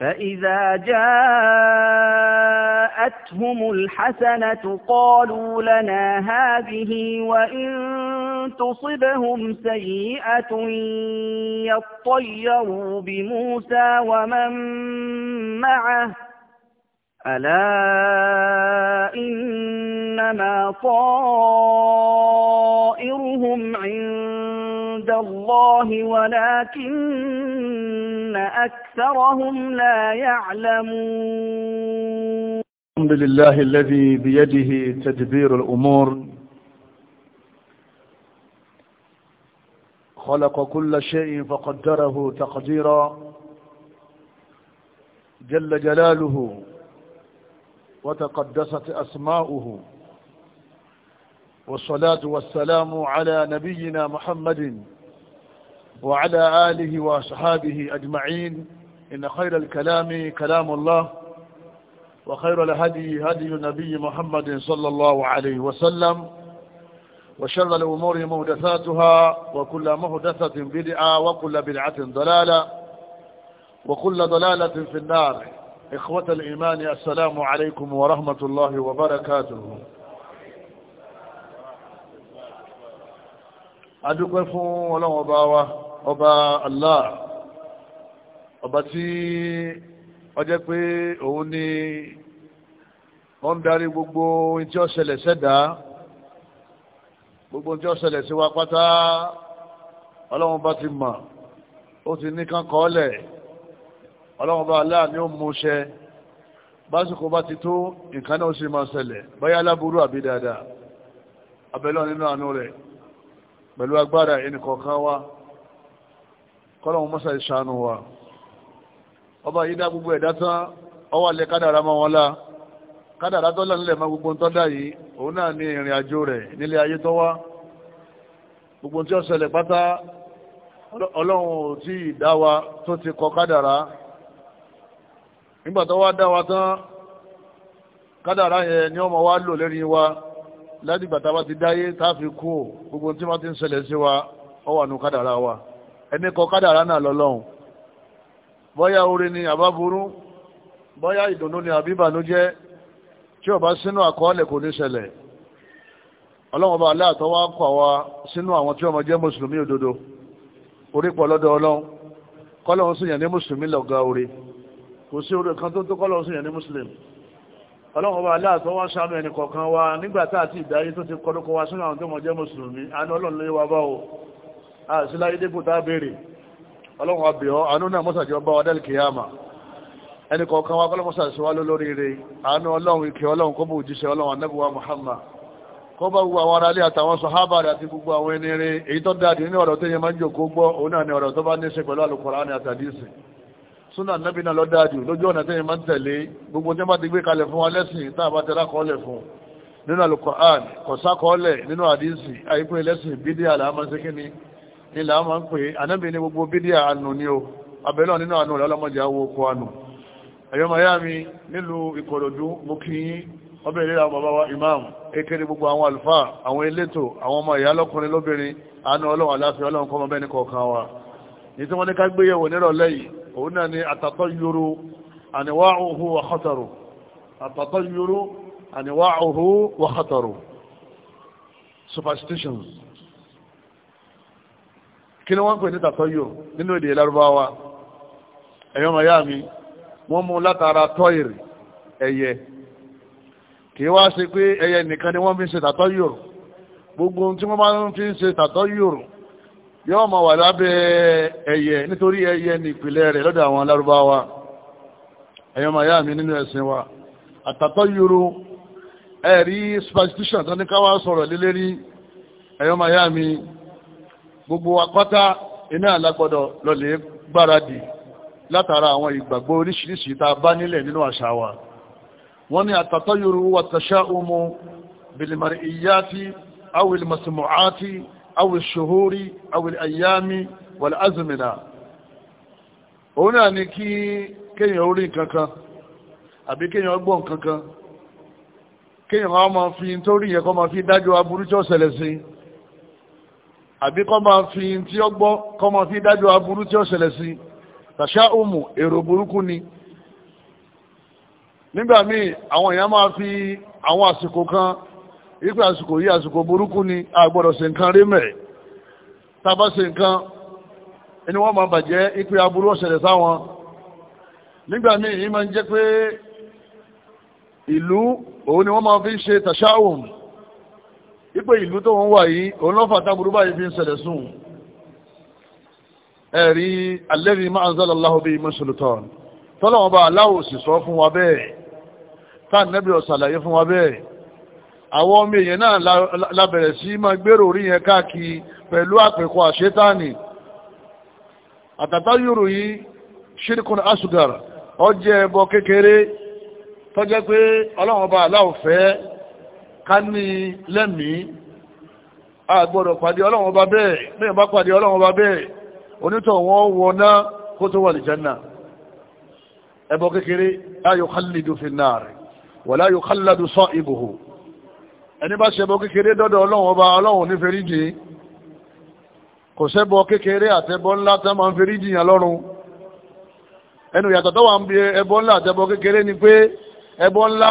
فإذا جاءتهم الحسنة قالوا لنا هذه وإن تصبهم سيئة يطيروا بموسى ومن معه ألا إنما طائرهم عند الله ولكن أكثرهم لا يعلمون الحمد لله الذي بيده تدبير الأمور خلق كل شيء فقدره تقديرا جل جلاله وتقدست أسماؤه والصلاة والسلام على نبينا محمد وعلى آله وأصحابه أجمعين إن خير الكلام كلام الله وخير الهدي هدي النبي محمد صلى الله عليه وسلم وشر الأمور مهدثاتها وكل مهدثة بدعة وكل بدعة ضلالة وكل ضلالة في النار إخوة الإيمان السلام عليكم ورحمة الله وبركاته adúpẹ́ fún ọlọ́wọ́n bá ọba Allah ọba tí ó jẹ́ pé òun ni ó ń darí gbogbo ohun tí ó ṣẹlẹ̀ sẹ́dá gbogbo ohun tí ó ṣẹlẹ̀ sí wa pátá ọlọ́run bá ti mọ̀ ó ti ní kán kọ́ọ́lẹ̀ ọlọ́run bá Allah ni ó mú ṣẹ básìkò bá ti tó nǹkan náà sì máa ṣẹlẹ̀ báyá láburú àbí dáadáa abẹ́lọ́ nínú àánú rẹ̀ pẹ̀lú agbára ẹnìkọ̀ọ̀kan wa kọ́lọ̀wọ́n mọ́sá ìṣàánú wa ọba yìí dá gbogbo ẹ̀dá tán ọwà lẹ kádàrá mọ́ wọn lá kádàrá tó lọ́nlẹ̀ mọ́ gbogbo tó dá yìí òun náà ní ìrìn àjò rẹ̀ nílé ayé tó wá gbogbo tí ó ṣẹlẹ̀ pátá ọlọ́run ò tí ì dá wa tó ti kọ kádàrá nígbà tó wá dá wa tán kádàrá yẹn ni ọmọ wa lò lẹ́ni wa láti gbàtà bá ti dáyé tá kú gbogbo tí wọ́n ti ń ṣẹlẹ̀ sí wa ọwà nù kádàrá wa ẹni kọ kádàrá náà lọ́lọ́run bọ́yá orí ni àbá burú bọ́yá ìdùnnú ni àbí ìbànújẹ́ tí ó bá sínú àkọọ́lẹ̀ kò ní ṣẹlẹ̀ ọlọ́run bá aláàtọ́ wá kọ́ àwa sínú àwọn tí ọmọ jẹ́ mùsùlùmí òdodo orí pọ̀ lọ́dọ̀ ọlọ́run kọ́lọ́run sì yàn ní mùsùlùmí lọ́gá orí kò sí orí kan tó tó kọ́lọ́run sì yàn ní mùsùlùmí ọlọ́run bá aláàtọ́ wá ṣàánú ẹnì kọ̀ọ̀kan wa nígbà tá àti ìdáyé tó ti kọ́ wa sínú àwọn tó mọ̀ jẹ́ mùsùlùmí àná ọlọ́run lé wa bá o àṣíláyé dépò tá béèrè ọlọ́run àbíọ́ àánú náà mọ́sàjọ́ bá ọdẹ́lì kìyàmà ẹni kọ̀ọ̀kan wá kọ́lọ́mọ́sà síwálò lórí rẹ̀ àánú ọlọ́run ìkẹ́ ọlọ́run kó bá òjíṣẹ́ ọlọ́run anábùwá Muhammad kó bá gbogbo àwọn aráalé àtàwọn sọ̀hábà rẹ̀ àti gbogbo àwọn ẹni rẹ̀ èyí tó dáadì ní ọ̀rọ̀ tó yẹ máa ń jòkó gbọ́ òun náà ni ọ̀rọ̀ tó bá ní ṣe pẹ̀lú Al-Qur'ani àtàdísì súnà nábì náà lọ dáadì lójú ọ̀nà tó yẹ máa ń tẹ̀lé gbogbo tí wọ́n bá ti gbé kalẹ̀ fún wa lẹ́sìn bá tẹ́lá kọ́ọ̀lẹ̀ fún nínú Al-Qur'ani kọ̀sákọ́ọ̀lẹ̀ nínú àdísì àyíkú ẹlẹ́sìn bídí àlàámọ́sẹ́kíní ilà á máa ń pè ànábì ní gbogbo bídíà ànù ni o abẹ́lọ́ nínú ànù rẹ̀ ọlọ́mọdé awo oko ànù ẹ̀yọ́ miami nílùú ìkòròdú mú kí yín ọbẹ̀ ìlera imam ekele gbogbo àwọn àlùfáà àwọn elétò àwọn ọmọ ìyá lọ́kùnrin lóbìnrin àánú ọlọ́run aláfẹ́ ọlọ́run kọ́mọ bẹ́ẹ̀ wa ní tí wọ́n ní ká ni àtàtọ́yúrú àníwáhùhù wa khataru àtàtọ́yúrú àníwáhùhù superstitions kí ni wọ́n pè ní tàtọ́yò nínú èdè lárúbáwá ẹ̀yọ́ ọmọ ìyá mi wọ́n mú látara tọ́ìrì ẹyẹ kì í wá pé ẹyẹ nìkan ni wọ́n fi ń ṣe tàtọ́yò gbogbo tí wọ́n bá fi ń ṣe tàtọ́yò yóò ma wà lábẹ́ ẹyẹ nítorí ẹyẹ ní ìpìlẹ̀ rẹ̀ lọ́dọ̀ àwọn lárúbáwá ẹ̀yọ́ ọmọ mi nínú ẹ̀sìn wa àtàtọ́yò ẹ̀rí superstition tó ní káwá sọ̀rọ̀ lélẹ́rí ẹ̀yọ́ ọmọ ìyá mi gbogbo apáta iná alágbọ́dọ̀ lọlẹ̀ gbáradì látara àwọn ìgbàgbọ́ oríṣiríṣi tá a bá nílẹ̀ nínú àṣà wa wọ́n ní àtàtọ́yòrò wàtàṣà umu bilimari iyati awil masumuati awil shohori awil ayami wal azumina òun náà ni kí kéèyàn orí kankan àbí kéèyàn gbọ́ kankan kéèyàn máa fi nítorí yẹ kó máa fi dájọ́ aburú tí sí àbí kọ́ máa fi tí ó gbọ́ kọ́ máa fi dájọ́ aburú tí ó ṣẹlẹ̀ sí tàṣà òmù èrò burúkú ni nígbà míì àwọn èèyàn máa fi àwọn àsìkò kan ipe àsìkò yìí àsìkò burúkú ni a gbọ́dọ̀ ṣe nǹkan rí mẹ́ tá a bá ṣe nǹkan ẹni wọ́n máa bàjẹ́ ipe aburú ó ṣẹlẹ̀ sáwọn nígbà míì yìí máa ń jẹ́ pé ìlú òun ni wọ́n máa fi ṣe tàṣà òmù ipe ìlú tó ń wà yìí òun lọ́fà báyìí fi ń ṣẹlẹ̀ sùn ẹ̀rí alẹ́rí máa ń zọ́lọ̀ láhùn bíi mùsùlùtàn tọ́lọ́wọ́n bá aláwò sì sọ fún wa bẹ́ẹ̀ táà nẹ́bí ọ̀sàlàyé fún wa bẹ́ẹ̀ àwọn ọmọ èèyàn náà labẹ̀rẹ̀ sí máa gbèrò orí yẹn káàkiri pẹ̀lú àpẹ̀kọ àṣetáàní àtàtà yìí ṣírkùn asùgàr ẹbọ kékeré ká ní lẹ́mìí àgbọ̀dọ̀ pàdé ọlọ́run ọba bẹ́ẹ̀ mẹ́yìn bá pàdé ọlọ́run ọba bẹ́ẹ̀ onítọ̀ wọn wọ náà kó tó wà ní jẹ́nà ẹbọ kékeré láyò khalidu fi náàrí wà láyò khalidu sọ ìbòhò ẹni bá ṣẹbọ kékeré dọ́dọ̀ ọlọ́run ọba ọlọ́run ní fèríjì kò ńlá tán kékeré ni pé ẹbọ ńlá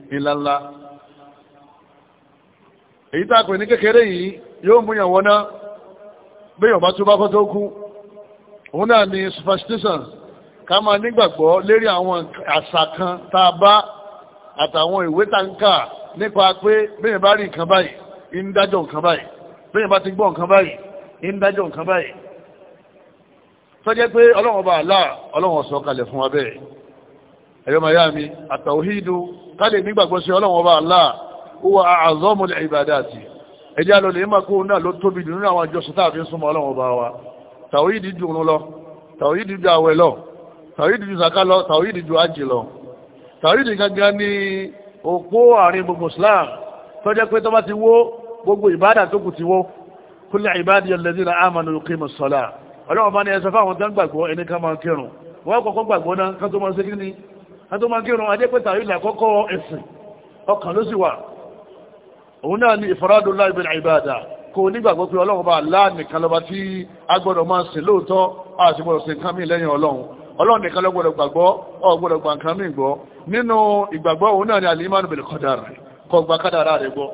ńláńlá èyí tá a pè ní kékeré yìí yóò mú yàn wọná bí yàn bá tún bá kọ́tọ́ kú òun náà ni superstition ká máa nígbàgbọ́ lérí àwọn àṣà kan tá a bá àtàwọn ìwé tá ń kà nípa pé bẹ́ẹ̀ bá rí nǹkan báyìí ń dájọ́ nǹkan báyìí bẹ́ẹ̀ bá ti gbọ́ nǹkan báyìí ń dájọ́ nǹkan báyìí tọ́jẹ́ pé ọlọ́run ọba àlá ọlọ́run ọ̀sọ̀ kalẹ̀ fún wa bẹ́ẹ̀ ẹ̀yọ́ maya mi àtàwíìdù kálẹ̀ nígbàgbọ́ sí ọlọ́run ọba Allah huwa a'zamu al-ibadati ẹjẹ́ alọ́lẹ̀ ìmọ̀kó náà ló tóbi dùn nínú àwọn àjọsọ tá a fi ń súnmọ́ ọlọ́run ọba wa tàwíìdì dùn lọ tàwíìdì ju àwẹ̀ lọ tàwíìdì ju zaka lọ tàwíìdì ju ájì lọ tàwíìdì gangan ní òpó àárín gbogbo Islam tọ́jẹ́ pé tọ́ba ti wó gbogbo ìbádà tó kù ti wó kúlẹ̀ ìbádìí alladhina amanu yuqimus salah ọlọ́run bá ní ẹsẹ̀ fáwọn tó ń gbàgbọ́ ẹni ká máa kírun wọ́n kọ́kọ́ gbàgbọ́ náà ká tó máa ṣe kí ni àti ọmọ akérùn ajé pé tàwí làkọ́kọ́ ẹ̀sìn ọkàn ló sì wà òun náà ni ìfaradù láì bil ìbádà kò nígbàgbọ́ pé ọlọ́run bá láàánìkan lọ́ba tí a gbọ́dọ̀ máa sìn lóòótọ́ a sì gbọ́dọ̀ sìn kan mí lẹ́yìn ọlọ́run ọlọ́run nìkan ló gbàgbọ́ ọ gbà nǹkan mí gbọ́ nínú ìgbàgbọ́ òun náà ni al-imanu bil qadar kò gba kádàrá rẹ̀ gbọ́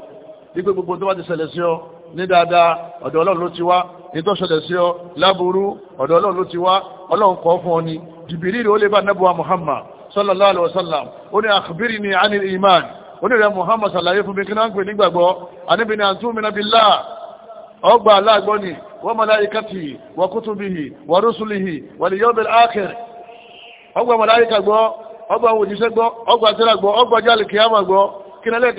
wípé gbogbo tó bá ti ṣẹlẹ̀ sí ọ ní dáadáa ọ̀dọ̀ ọlọ́run ló ti wá ní tó ṣẹlẹ̀ sí ọ láburú ọ̀dọ̀ ọlọ́run ló ti wá ọlọ́run kọ́ fún ọ ni jìbìrì ó lè bá nẹ́bùwá Muhammad sallallahu alaihi wasallam ó ní akhbirni anil iman ó ní rẹ̀ muhammad sàlàyé fún mi kí náà ń pè nígbàgbọ́ àníbi ni àtúmìnà billah ọgbà aláàgbọ́ ni wa malaikatihi wa kutubihi wa rusulihi wal yawmil akhir ọgbà màláìkà gbọ́ ọgbà òjíṣẹ́ gbọ́ ọgbà tíra gbọ́ ọgbà jáàlì kìyàmà gbọ́ kí nílẹ̀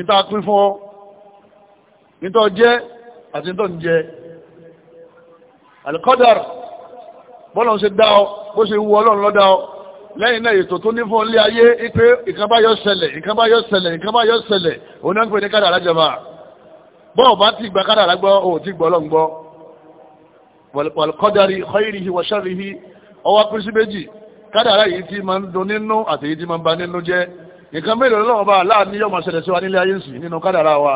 kẹfà pín fún nítọ́ jẹ́ àti nítọ́ jẹ́ alikọ́dàr bọ́lọ̀ ṣe dá ọ bó ṣe wú ọlọ́run lọ́dá ọ lẹ́yìn náà ètò tó ní fún ilé ayé ipé ìkàbá yọ ṣẹlẹ̀ ìkàbá yọ ṣẹlẹ̀ ìkàbá yọ ṣẹlẹ̀ òun náà ń pè ní kádàrá jàmá bọ́ọ̀ bá ti gba kádàrá gbọ́ ò ti gbọ́ ọlọ́run gbọ́ wàlùkọ́dàrí khairihi wa sharrihi ọwọ́ pín méjì kádàrá yìí ti máa ń dùn nínú àti èyí ti máa ń ba nínú jẹ́ nǹkan mélòó lọ́wọ́ bá aláàánú yọ̀ máa ṣẹlẹ̀ sí wa nílé ayé ń sìn nínú kádàrá wa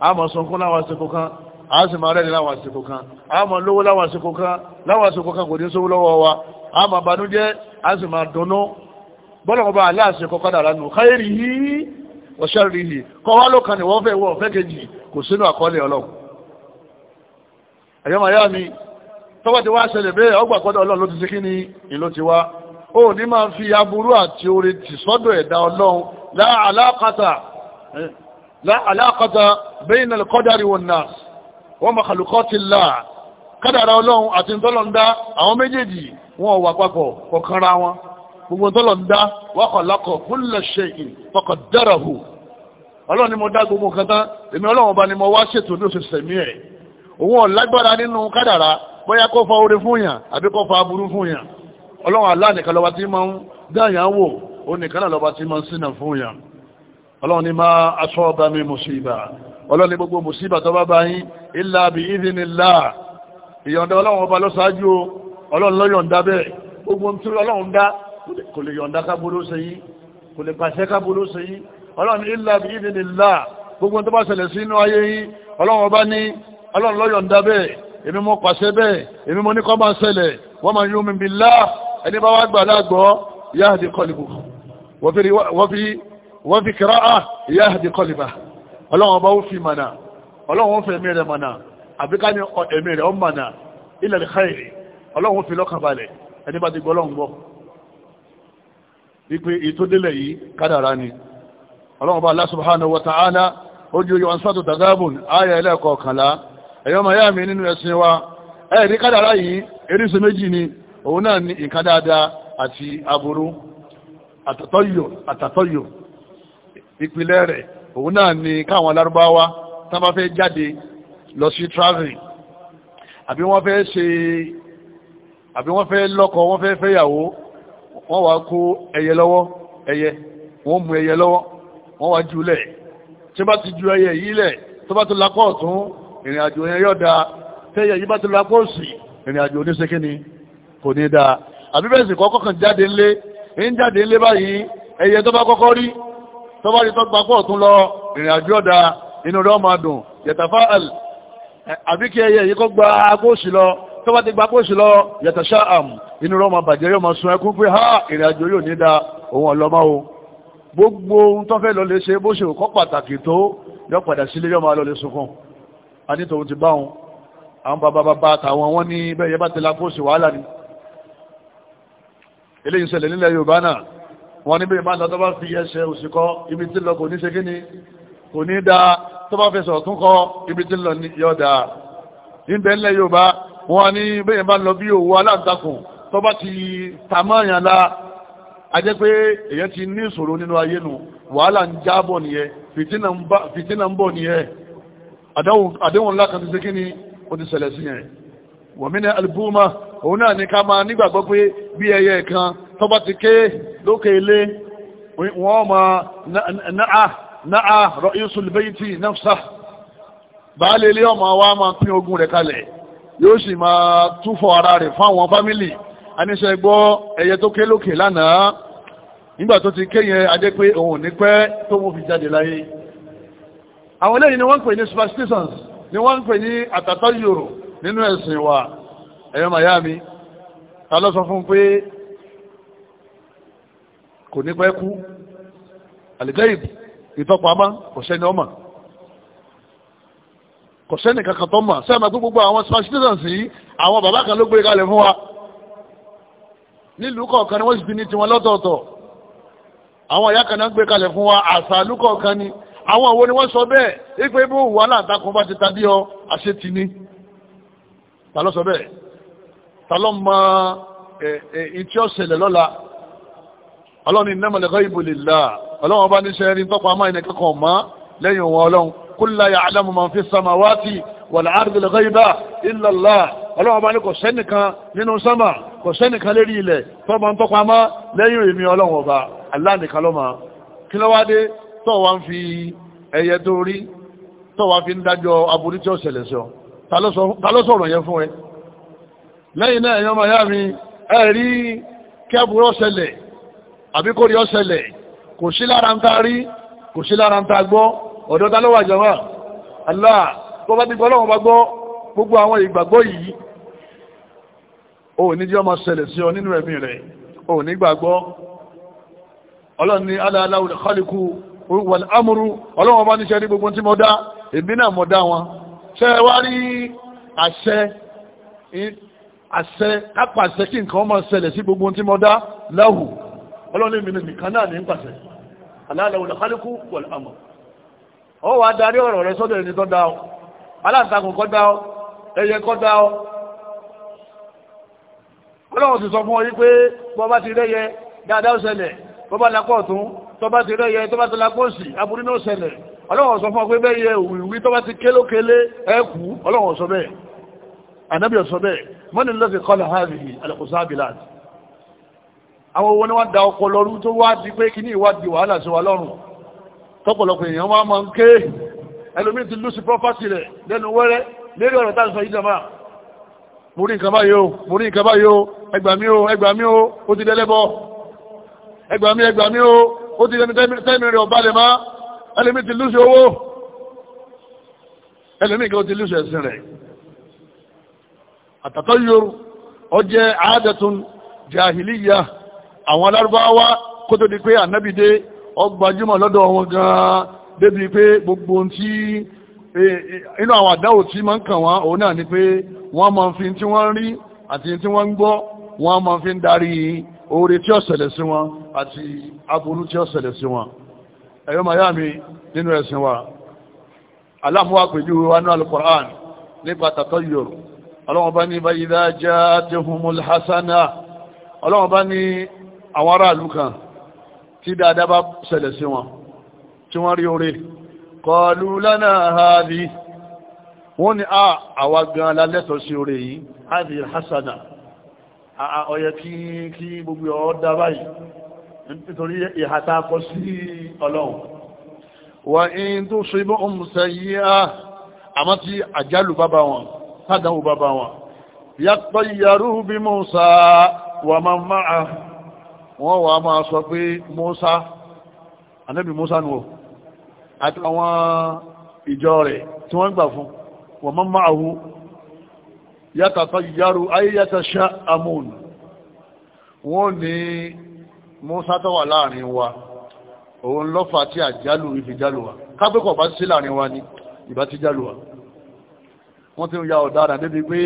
a máa sunkún láwọn àsìkò kan a sì máa rẹ́ni láwọn àsìkò kan a máa lówó láwọn àsìkò kan láwọn àsìkò kan kò ní sówó lọ́wọ́ wa a máa banújẹ́ a sì máa dunnú bọ́lọ̀kọba aláàsìkò kọ́dà lánàá káyèrè yìí ọ̀ṣẹ́ rí yìí kọ́ wá ló kan ìwọ́n fẹ́ wọ́n fẹ́ ti wá ṣẹlẹ̀ bẹ́ẹ̀ ọgbà kọ́dà ọlọ́run ló bayna al-qadari wan-nas wa makhluqatillah kádàrà ọlọ́run àti ntọ́lọ̀ndá àwọn méjèèjì wọn wà papọ̀ kọ̀kanra wọn gbogbo ntọ́lọ̀ndá wa khalaqa kulla shay'in faqaddarahu ọlọ́run ni mo dá gbogbo nǹkan tán èmi ọlọ́run ọba ni mo wá ṣètò ní òṣèṣẹ́ mi ẹ̀ òun ọ̀lágbára nínú kádàrà bóyá kó fa oore fún yàn àbí kó fa aburú fún yàn ọlọ́ni gbogbo mùsíbà tó bá bá yín illa bi idhnillah ìyọ̀ǹda ọlọ́run ọba ló ṣáájú o ọlọ́run ló yọ̀ǹda bẹ́ẹ̀ gbogbo ohun tí ọlọ́run dá kò lè yọ̀ǹda kábúrú ṣe yí kò lè pàṣẹ kábúrú ṣe yí ọlọ́run illa bi idhnillah gbogbo tó bá ṣẹlẹ̀ sí inú ayé yín ọlọ́run ọba ní ọlọ́run ló yọ̀ǹda bẹ́ẹ̀ ọlọ́run ọba ó fi mọ̀nà ọlọ́run ó fẹ́ ẹ̀mí rẹ̀ mọ̀nà àbíká ní ẹ̀mí rẹ̀ ó mọ̀nà ilẹ̀ ìkáyèrè ọlọ́run ó fi lọ́kàbalẹ̀ ẹni bá ti gbọ́ ọlọ́run gbọ́ wípé ìtódélẹ̀ yìí kádàrá ni ọlọ́run ọba Allah subhanahu wa ta'ala ó di oyè wọn sọ́tò dagabun ayà ẹlẹ́kọ̀ọ̀kànlá ẹ̀yọ́ ìpìlẹ̀ rẹ̀ òun náà ni káwọn lárúbáwá tán bá fẹ́ jáde lọ sí traveling àbí wọ́n fẹ́ ṣe àbí wọ́n fẹ́ lọ́kọ wọ́n fẹ́ fẹ́yàwó wọ́n wá kó ẹyẹ lọ́wọ́ ẹyẹ wọ́n mú ẹyẹ lọ́wọ́ wọ́n wá jùlẹ̀ tí bá ti ju ẹyẹ yìí lẹ̀ tó bá ti lakọ́ ọ̀tún ìrìn àjò yẹn yóò da tẹ́yẹ yìí bá ti lakọ́ òsì ìrìn àjò oníṣekíni kò ní da àbí bẹ́ẹ̀ sì kọ́kọ́ kan jáde ńlé ń jáde ńlé báyìí ẹyẹ tó bá kọ́kọ́ rí tọ́wárí tó gba pọ̀ tún lọ ìrìn àjò ọ̀dà inú rẹ̀ ọmọ adùn yẹ̀tàfà àl àbí kí ẹyẹ yìí kó gba agbóòsì lọ tọ́wá ti gba agbóòsì lọ yẹ̀tàṣà àm inú rẹ̀ ọmọ bàjẹ́ yóò máa sun ẹkún pé ha ìrìn àjò yóò ní da òun ọ̀lọ́mọ́ o gbogbo ohun tó fẹ́ lọ lè ṣe bó ṣe kọ́ pàtàkì tó yọ padà sílé yọ máa lọ lè sunkún a ní tòun ti bá wọn àwọn bàbá bàbá àtàwọn wọn ní bẹ́ẹ̀ yẹ bá ti la agbóòsì wàhálà ni eléyìí ṣẹlẹ̀ nílẹ̀ Yorùbá náà wọ́n níbi ìbá lọ tó bá fi ẹsẹ̀ òsì kọ ibi tí lọ kò ní ṣe kí ni kò ní da tó bá fẹsẹ̀ ọ̀tún kọ ibi tí lọ yọ da níbẹ̀ ńlẹ̀ yorùbá wọ́n ní bí ìbá lọ bí òwú aláǹtakùn tó bá ti tàmáyàn la a jẹ́ pé èyàn ti ní ìṣòro nínú ayé nu wàhálà ń jábọ̀ nìyẹn fìtínà ń bọ̀ nìyẹn àdéhùn ńlá kan ti ṣe kí ni ó ti ṣẹlẹ̀ sí yẹn wọ̀mí ní albúmá òun náà ni ká máa nígbàgbọ́ pé bí ẹyẹ kan tó bá ti ké lókè ilé wọ́n ma náà náà ra'isul bayti nafsa baálé ilé ọmọ wa máa pín ogun rẹ̀ kalẹ̀ yóò sì máa túfọ̀ ara rẹ̀ fáwọn fámìlì aníṣẹ́ gbọ́ ẹyẹ tó ké lókè lánàá nígbà tó ti ké yẹn pé òun ní pẹ́ tó mú fi jáde láyé àwọn eléyìí ni wọ́n ń pè ní superstitions ni wọ́n ń pè ní àtàtọ́ yòrò nínú ẹ̀sìn wa ẹ̀yọ́ màyá mi ta ló sọ fún pé kò ní pẹ́ kú àlìgẹ́yìn ìtọ́pamọ́ kò sẹ́ni ọmọ kò sẹ́ni kankan tó mọ̀ sẹ́ni àti gbogbo àwọn spasitations yìí àwọn bàbá kan ló gbé e kalẹ̀ fún wa nílùú kọ̀ọ̀kan ni wọ́n sì fi ní tiwọn lọ́tọ̀ọ̀tọ̀ àwọn ìyá kan náà gbé e kalẹ̀ fún wa àṣà lúkọ̀ọ̀kan ni àwọn òwò ni wọ́n sọ bẹ́ẹ̀ wípé bó wà látàkùn bá ti tàbí ọ àṣetì ni ta ló sọ bẹ́ẹ̀ tàlọ́mọ ìtí ọ̀sẹ̀lẹ̀ lọ́la ọlọ́run innamal ghaibu lillah ọlọ́run bá níṣẹ́ rí tọ́pọ̀ àmà ìnẹ̀kẹ́ kan mọ́ lẹ́yìn wọn ọlọ́run kullu ya'lamu man fi samawati wal ardi al ghaiba illa Allah ọlọ́run bá ní fi ń dájọ́ aburú tí ó ṣẹlẹ̀ sọ ta yẹn fún ẹ lẹ́yìn náà ẹ̀yàn máa yá mi ẹ̀rí kẹ́bù ọ̀ṣẹlẹ̀ àbí kò rí ọ̀ṣẹlẹ̀ kò sí lára ń ta rí kò sí lára ń ta gbọ́ ọ̀dọ́ ta ló wà jàmá Allah tó bá ti gbọ́ lọ́wọ́ bá gbọ́ gbogbo àwọn ìgbàgbọ́ yìí ò ní jẹ́ ọmọ ṣẹlẹ̀ àṣẹ àṣẹ kápàṣẹ kí nǹkan ọmọ ṣẹlẹ̀ sí gbogbo tí mo dá láhù ọlọ́run mi nìkan náà ní pàṣẹ aláàlẹ́wò lọ́kálíkù pọ̀lú àmọ́ ọ wà darí ọ̀rọ̀ rẹ sọ́dọ̀ ẹni tó dá ọ aláǹtakùn kọ́ dá ọ ẹyẹ kọ́ dá ọ ọlọ́run ti sọ fún ọ yí pé bọ́ bá ti rẹ́yẹ dáadáa ṣẹlẹ̀ bọ́ bá lakọ́ ọ̀tún tọ́ bá ti rẹ́yẹ tọ́ bá ti lakọ́ òsì aburú náà ṣẹlẹ̀ ọlọ́run sọ fún ọ pé bẹ́ẹ̀ yẹ òwìwí tọ́ bá ti kélókélé ẹ̀kú ọlọ́run sọ bẹ́ẹ̀ ànábì sọ bẹ́ẹ̀ mọ́ni lọ́fi kọ́lá hàbìlì alẹ́kùsábìláàt àwọn owó ni wọ́n da ọkọ̀ lọ́rú tó wá di pé kí ní ìwádìí wàhálà sí wa lọ́rùn tọ́pọ̀lọpọ̀ èèyàn máa ma ń ké ẹlòmí ti lùsì pọ́fàtì rẹ̀ lẹ́nu wẹ́rẹ́ lérí ọ̀rọ̀ táà sọ yìí jama mo rí nǹkan báyìí o mo rí nǹkan báyìí o ẹgbà mí o ẹgbà mí o ó ti dẹ́lẹ́bọ ẹgbà mí ẹgbà mí o ó ti dẹni tẹ́mi rẹ̀ ọ̀bá lẹ̀ má ẹlòmí ti lùsì owó ẹlòmí kan ó ti lùsì ẹ̀sìn rẹ̀ àtàtọ́yọrù ó jẹ́ àádẹ́tún jahiliya àwọn alárúbáwá kó tó di pé ànábì dé ó gbajúmọ̀ lọ́dọ̀ wọn gan-an débi pé gbogbo tí e, e, inú àwọn àdáwò tí máa ń kàn wọ́n òun náà ni pé wọ́n máa fi tí wọ́n rí àti tí wọ́n ń gbọ́ wọ́n máa fi ń darí oore tí ó ṣẹlẹ̀ sí wọn àti aburú tí ó ṣẹlẹ̀ sí ọlọ́wọ́n bá ní báyìí já tehumul hasana ọlọ́wọ́n bá ní àwọn aráàlú kan tí dáadáa bá ṣẹlẹ̀ sí wọn tí wọ́n rí orí kọlu lánà ààrí wọ́n ni a àwa gan lálẹ́tọ̀ sí orí yìí ààrí hasana ọ̀yẹ̀ kí gbogbo ọ̀dá báyìí nítorí ìhàtà kọ sí ọlọ́run sádánwò bàbá wọn yàtọ̀ ìyàrú bí Musa wà máa máa wọ́n wà máa sọ pé Musa anábì Musa nù àti àwọn ìjọ rẹ̀ tí wọ́n gbà fún wà máa máa hù yàtọ̀ ìyàrú ayé yàtọ̀ ṣá amún wọ́n ní Musa tó láàrin wa òun lọ́fà tí àjálù ìfìjálù wa kápẹ́kọ̀ bá sí láàrin wa ni ìbá ti jálù wa wọ́n ti ń ya ọ̀daràn débi pé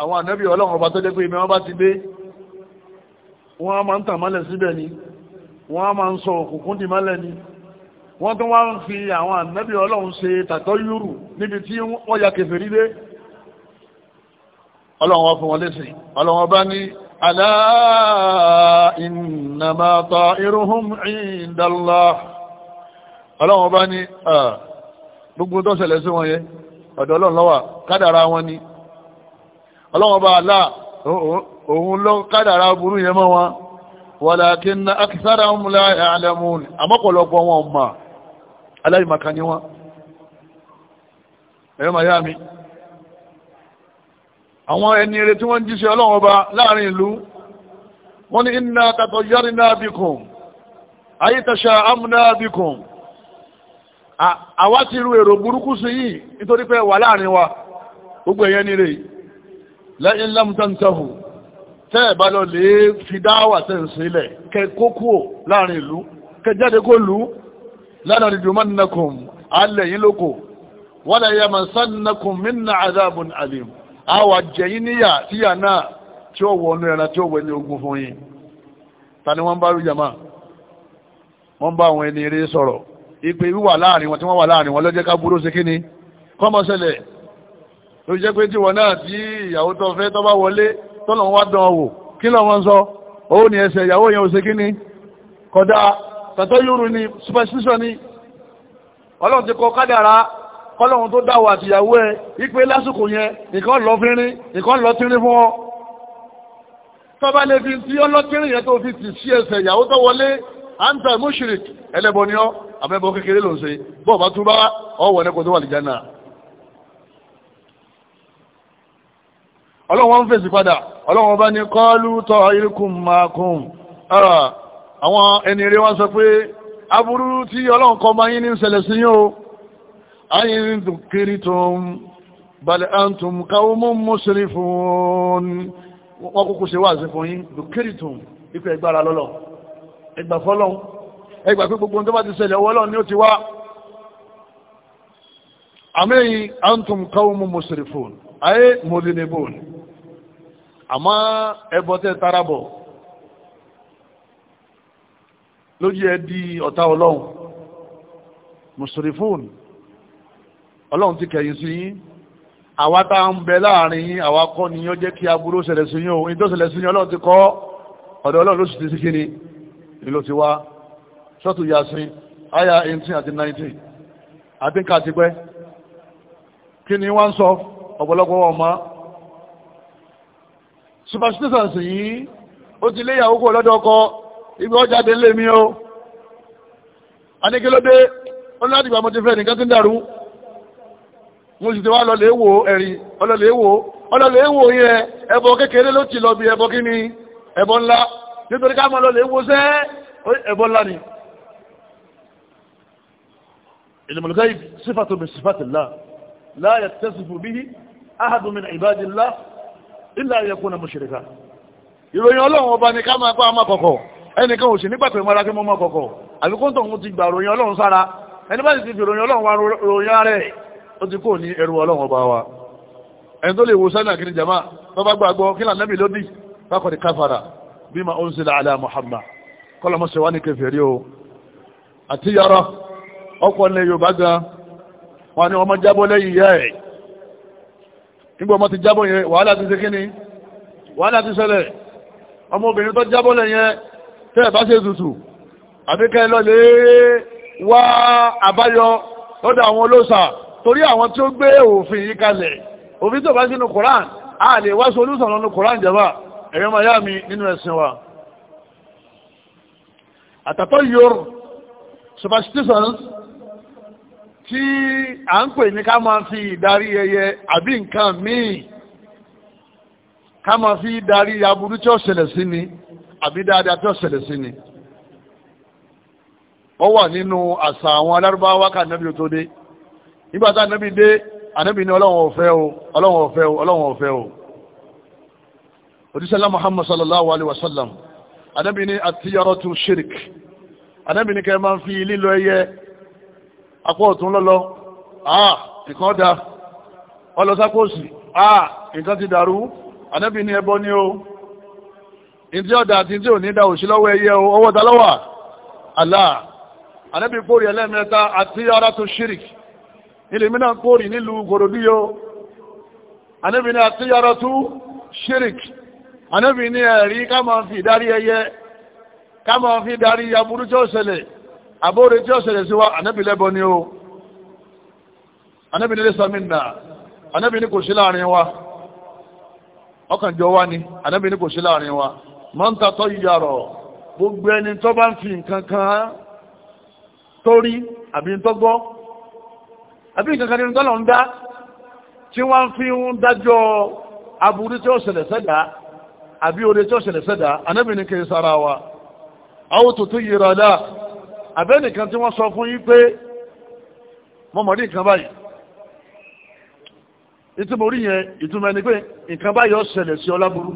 àwọn ànábì ọlọ́run ọba tó jẹ́ pé ibi wọ́n bá ti dé wọ́n á máa ń tàn mọ́lẹ̀ síbẹ̀ ni wọ́n á máa ń sọ òkùnkùn di mọ́lẹ̀ ni wọ́n tó wá ń fi àwọn ànábì ọlọ́run ṣe tàtọ́ yúrù níbi tí wọ́n ya kèfèrí dé ọlọ́run wá wọn lẹ́sìn ọlọ́run ọba ní alā innamā ṭā'iruhum ọlọ́run ọba ní gbogbo tó ṣẹlẹ̀ sí wọn yẹn ọ̀dọ̀ ọlọ́run lọ́wà kádàrá wọn ni ọlọ́run aláà òun lọ kádàrá burú yẹn mọ́ wọn walakinna aktharahum la ya'lamun àmọ́pọ̀lọpọ̀ wọn mà aláìmọ̀kan ni wọn ẹ̀yọ́ miami àwọn ẹni eré tí wọ́n jíṣẹ́ ọlọ́run láàrin ìlú wọ́n ní inna tatayyarna bikum ay tasha'amna bikum àwa ti ru èrò burúkú sí yìí nítorí pé wà láàrin wa gbogbo ẹ̀yẹ nílé lẹ́yìn lámùtántàhù tẹ́ ẹ̀ bá lọ lè fi dáwà tẹ́ ń sílẹ̀ kẹ kókó láàrin ìlú kẹ jáde kó lú lánàá dìdò mọ́nàkùn alẹ̀ yìí lóko wọ́n lè yẹ mọ̀sánnàkùn mínà wọ́n bá àwọn ẹni eré sọ̀rọ̀ ìpè wíwà láàrin wọn tí wọ́n wà láàrin wọn lọ́jẹ́ ká burú sí kíni kọ́mọ́sẹ̀lẹ̀ tó jẹ́ pé tí wọ́n náà tí ìyàwó tó fẹ́ tó wọlé tọ́lọ̀ wá ni ọlọ́run ti kọ kádàrá kọ́lọ́run tó dáwọ̀ àtìyàwó ẹ ìpè lásìkò yẹn nìkan lọ fínrín nìkan lọ tínrín fún ọ tọ́ba lè fi tí ọlọ́tínrín yẹn tó fi tì sí ẹsẹ̀ ìyàwó tó wọlé anta mushrik ẹlẹ́bọ ni ọ́ àmẹ́bọ kékeré ló ń ṣe bọ́ọ̀ bá túbá ọwọ́ ẹ̀nẹ́kọ̀ tó wà lè jẹ́nà ọlọ́wọ́n fèsì padà ọlọ́wọ́n bá ní kọ́ọ̀lù tọ́ irikun makun ara ah, àwọn ẹni rí wọ́n sọ pé aburú ìgbára lọ́lọ́ ẹgbà fọlọ́hún ẹgbà pé gbogbo nǹkan bá ti ṣẹlẹ̀ ọwọ́ ọlọ́run ni ó ti wá. àmẹ́yìn antum qawmun musrifun ayé mọ́lẹ́nìbọ̀n àmọ́ ẹbọ tẹ́ tara bọ̀ lójú ẹ di ọ̀tá ọlọ́run musrifun ọlọ́run ti kẹ̀yìn sí yín àwa tá ń bẹ láàrin yín àwa kọ́ ni yóò jẹ́ kí aburú ṣẹlẹ̀ sí yín o ìdó ṣẹlẹ̀ sí yín ọlọ́run ti kọ́ ọ̀dọ̀ ọlọ́run ló sì ti sí kí ni ló ti wá ṣọ́tù yasin aya 18 àti 19 àti nǹkan àti pẹ́ kí ni wọ́n sọ ọ̀pọ̀lọpọ̀ ọmọ superstitions yìí ó ti léyàwó kò lọ́dọ̀ ọkọ ibi ọjáde lè mí o a ní kí ló dé ó láti gbà mo ti fẹ́ nìkan tí ń dàrú mo sì ti wá lọlẹ̀ èwò ẹ̀rí ọlọlẹ̀ èwò ọlọlẹ̀ èwò yẹn ẹbọ kékeré ló ti lọ bí ẹbọ kí ni ẹbọ ńlá nítorí ká máa lọ lè wọ́sẹ́ ẹ̀bọ́ ńlá ni ilmul ghaib sífàtò min sífàtìlá la yattasifu bihi ahadun min ibadillah illa yakuna mushrika ìròyìn ọlọ́run ọba ni ká máa pa ọmọ kọ̀kọ̀ ẹnìkan ò sí nígbàtọ̀ ìmọ̀ra kí mọ́mọ́ kọ̀kọ̀ àbíkún tó ń ti gbà ròyìn ọlọ́run sára ẹni bá sì ti fi ròyìn ọlọ́run wa ròyìn ara ẹ̀ ó ti kó ní ẹrù ọlọ́run ọba wa ẹni tó lè wo sánà kí ni jama bá gbàgbọ́ kí lànà mi lódì bá kọ̀ ní káfàrà bima unzila ala Muhammad kọ́lọ̀ mọ́ sẹ̀wá ní kẹfẹ̀rí o àti yọrọ ọkọ̀ ilẹ̀ Yorùbá gan wọn ni wọ́n mọ́ jábọ́ lẹ́yìn ìyá ẹ̀ nígbà ọmọ ti jábọ́ yẹn wàhálà ti ṣe kíni wàhálà ti ṣẹlẹ̀ ọmọbìnrin tó jábọ́ lẹ́yìn tẹ́ ẹ̀ bá ṣe tutù ẹ̀yọ́ máa yá mi nínú ẹ̀sìn wa àtàtọ́ yor superstitions tí a ń pè ní ká máa fi ìdarí ẹyẹ àbí nǹkan míì ká máa fi ìdarí aburú tí ó ṣẹlẹ̀ sí ni àbí dáadáa tí ó ṣẹlẹ̀ sí ni ó wà nínú àṣà àwọn alárúbáwá ká nábì tó dé nígbà tá nábì dé ànábì ní ọlọ́run ọ̀fẹ́ o ọlọ́run ọ̀fẹ́ o ọlọ́run ọ̀fẹ́ o òdísẹ́lá muhammad sallallahu alaihi wasallam anábì ní àtiyarọ́tù shirik anábì ní kẹ́ẹ̀ máa ń fi lílọ ẹyẹ apá ọ̀tún lọ́lọ́ ah nǹkan da ọlọ́sákòsì ah nǹkan ti dàrú anábì ní ẹbọ ní o ìdí ọ̀dà àti ìdí òní da òsì lọ́wọ́ ẹyẹ ọwọ́ ta lọ́wọ́ Allah anábì kórì ẹlẹ́mẹ́ta àtiyarọ́tù shirik ilé mìíràn kórì nílùú gòròdíyó anábì ní àtiyarọ́tù shirik anábì ní ẹ̀rí ká máa fi ìdarí ẹyẹ ká máa fi ìdarí aburú tí ó ṣẹlẹ̀ àbóore tí ó ṣẹlẹ̀ sí wa anábì lẹ́bọ ni ní lẹ́sàmínà ní kò sí láàrin wa ọkàn ni ní kò wa gbogbo ẹni tó bá ń fi nǹkan kan àbí ń tọ́gbọ́ àbí nǹkan kan ní dá tí Abi oore tí ó ṣẹlẹ̀ sẹ́dá anábì ní kí sára wa àwọn tuntun yìra dáa àbẹ́nìkan tí wọ́n sọ fún yí pé mo mọ̀ rí nǹkan báyìí ìtumọ̀ orí yẹn ìtumọ̀ ẹni pé nǹkan báyìí ó ṣẹlẹ̀ sí ọlábùrú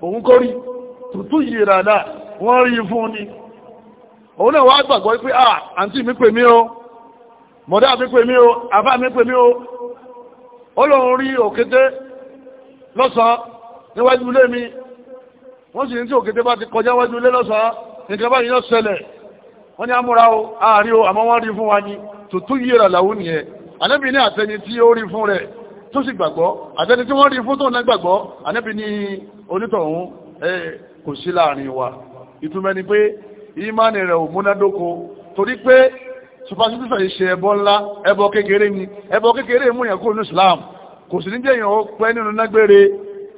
òun kò rí tuntun yìra dáa wọ́n rí fún ni òun náà wá gbàgbọ́ pé à ah, àǹtí mi pè mí o mọ̀dá mi pè mí o àbá mi pè mí o ó lóun rí òkété lọ́sàn-án níwájú ilé mi wọ́n sì ní tí òkété bá ti kọjá wájú ilé lọ́sàn-án nìkan báyìí yóò ṣẹlẹ̀ wọ́n ní amúra o ààrí o àmọ́ wọ́n rí fún wa ní tòtú yíra làwọn nìyẹn ànábì ní àtẹni tí ó rí fún rẹ̀ tó sì gbàgbọ́ àtẹni tí wọ́n rí fún tó náà gbàgbọ́ ànábì ní onítọ̀hún kò sí láàrin wa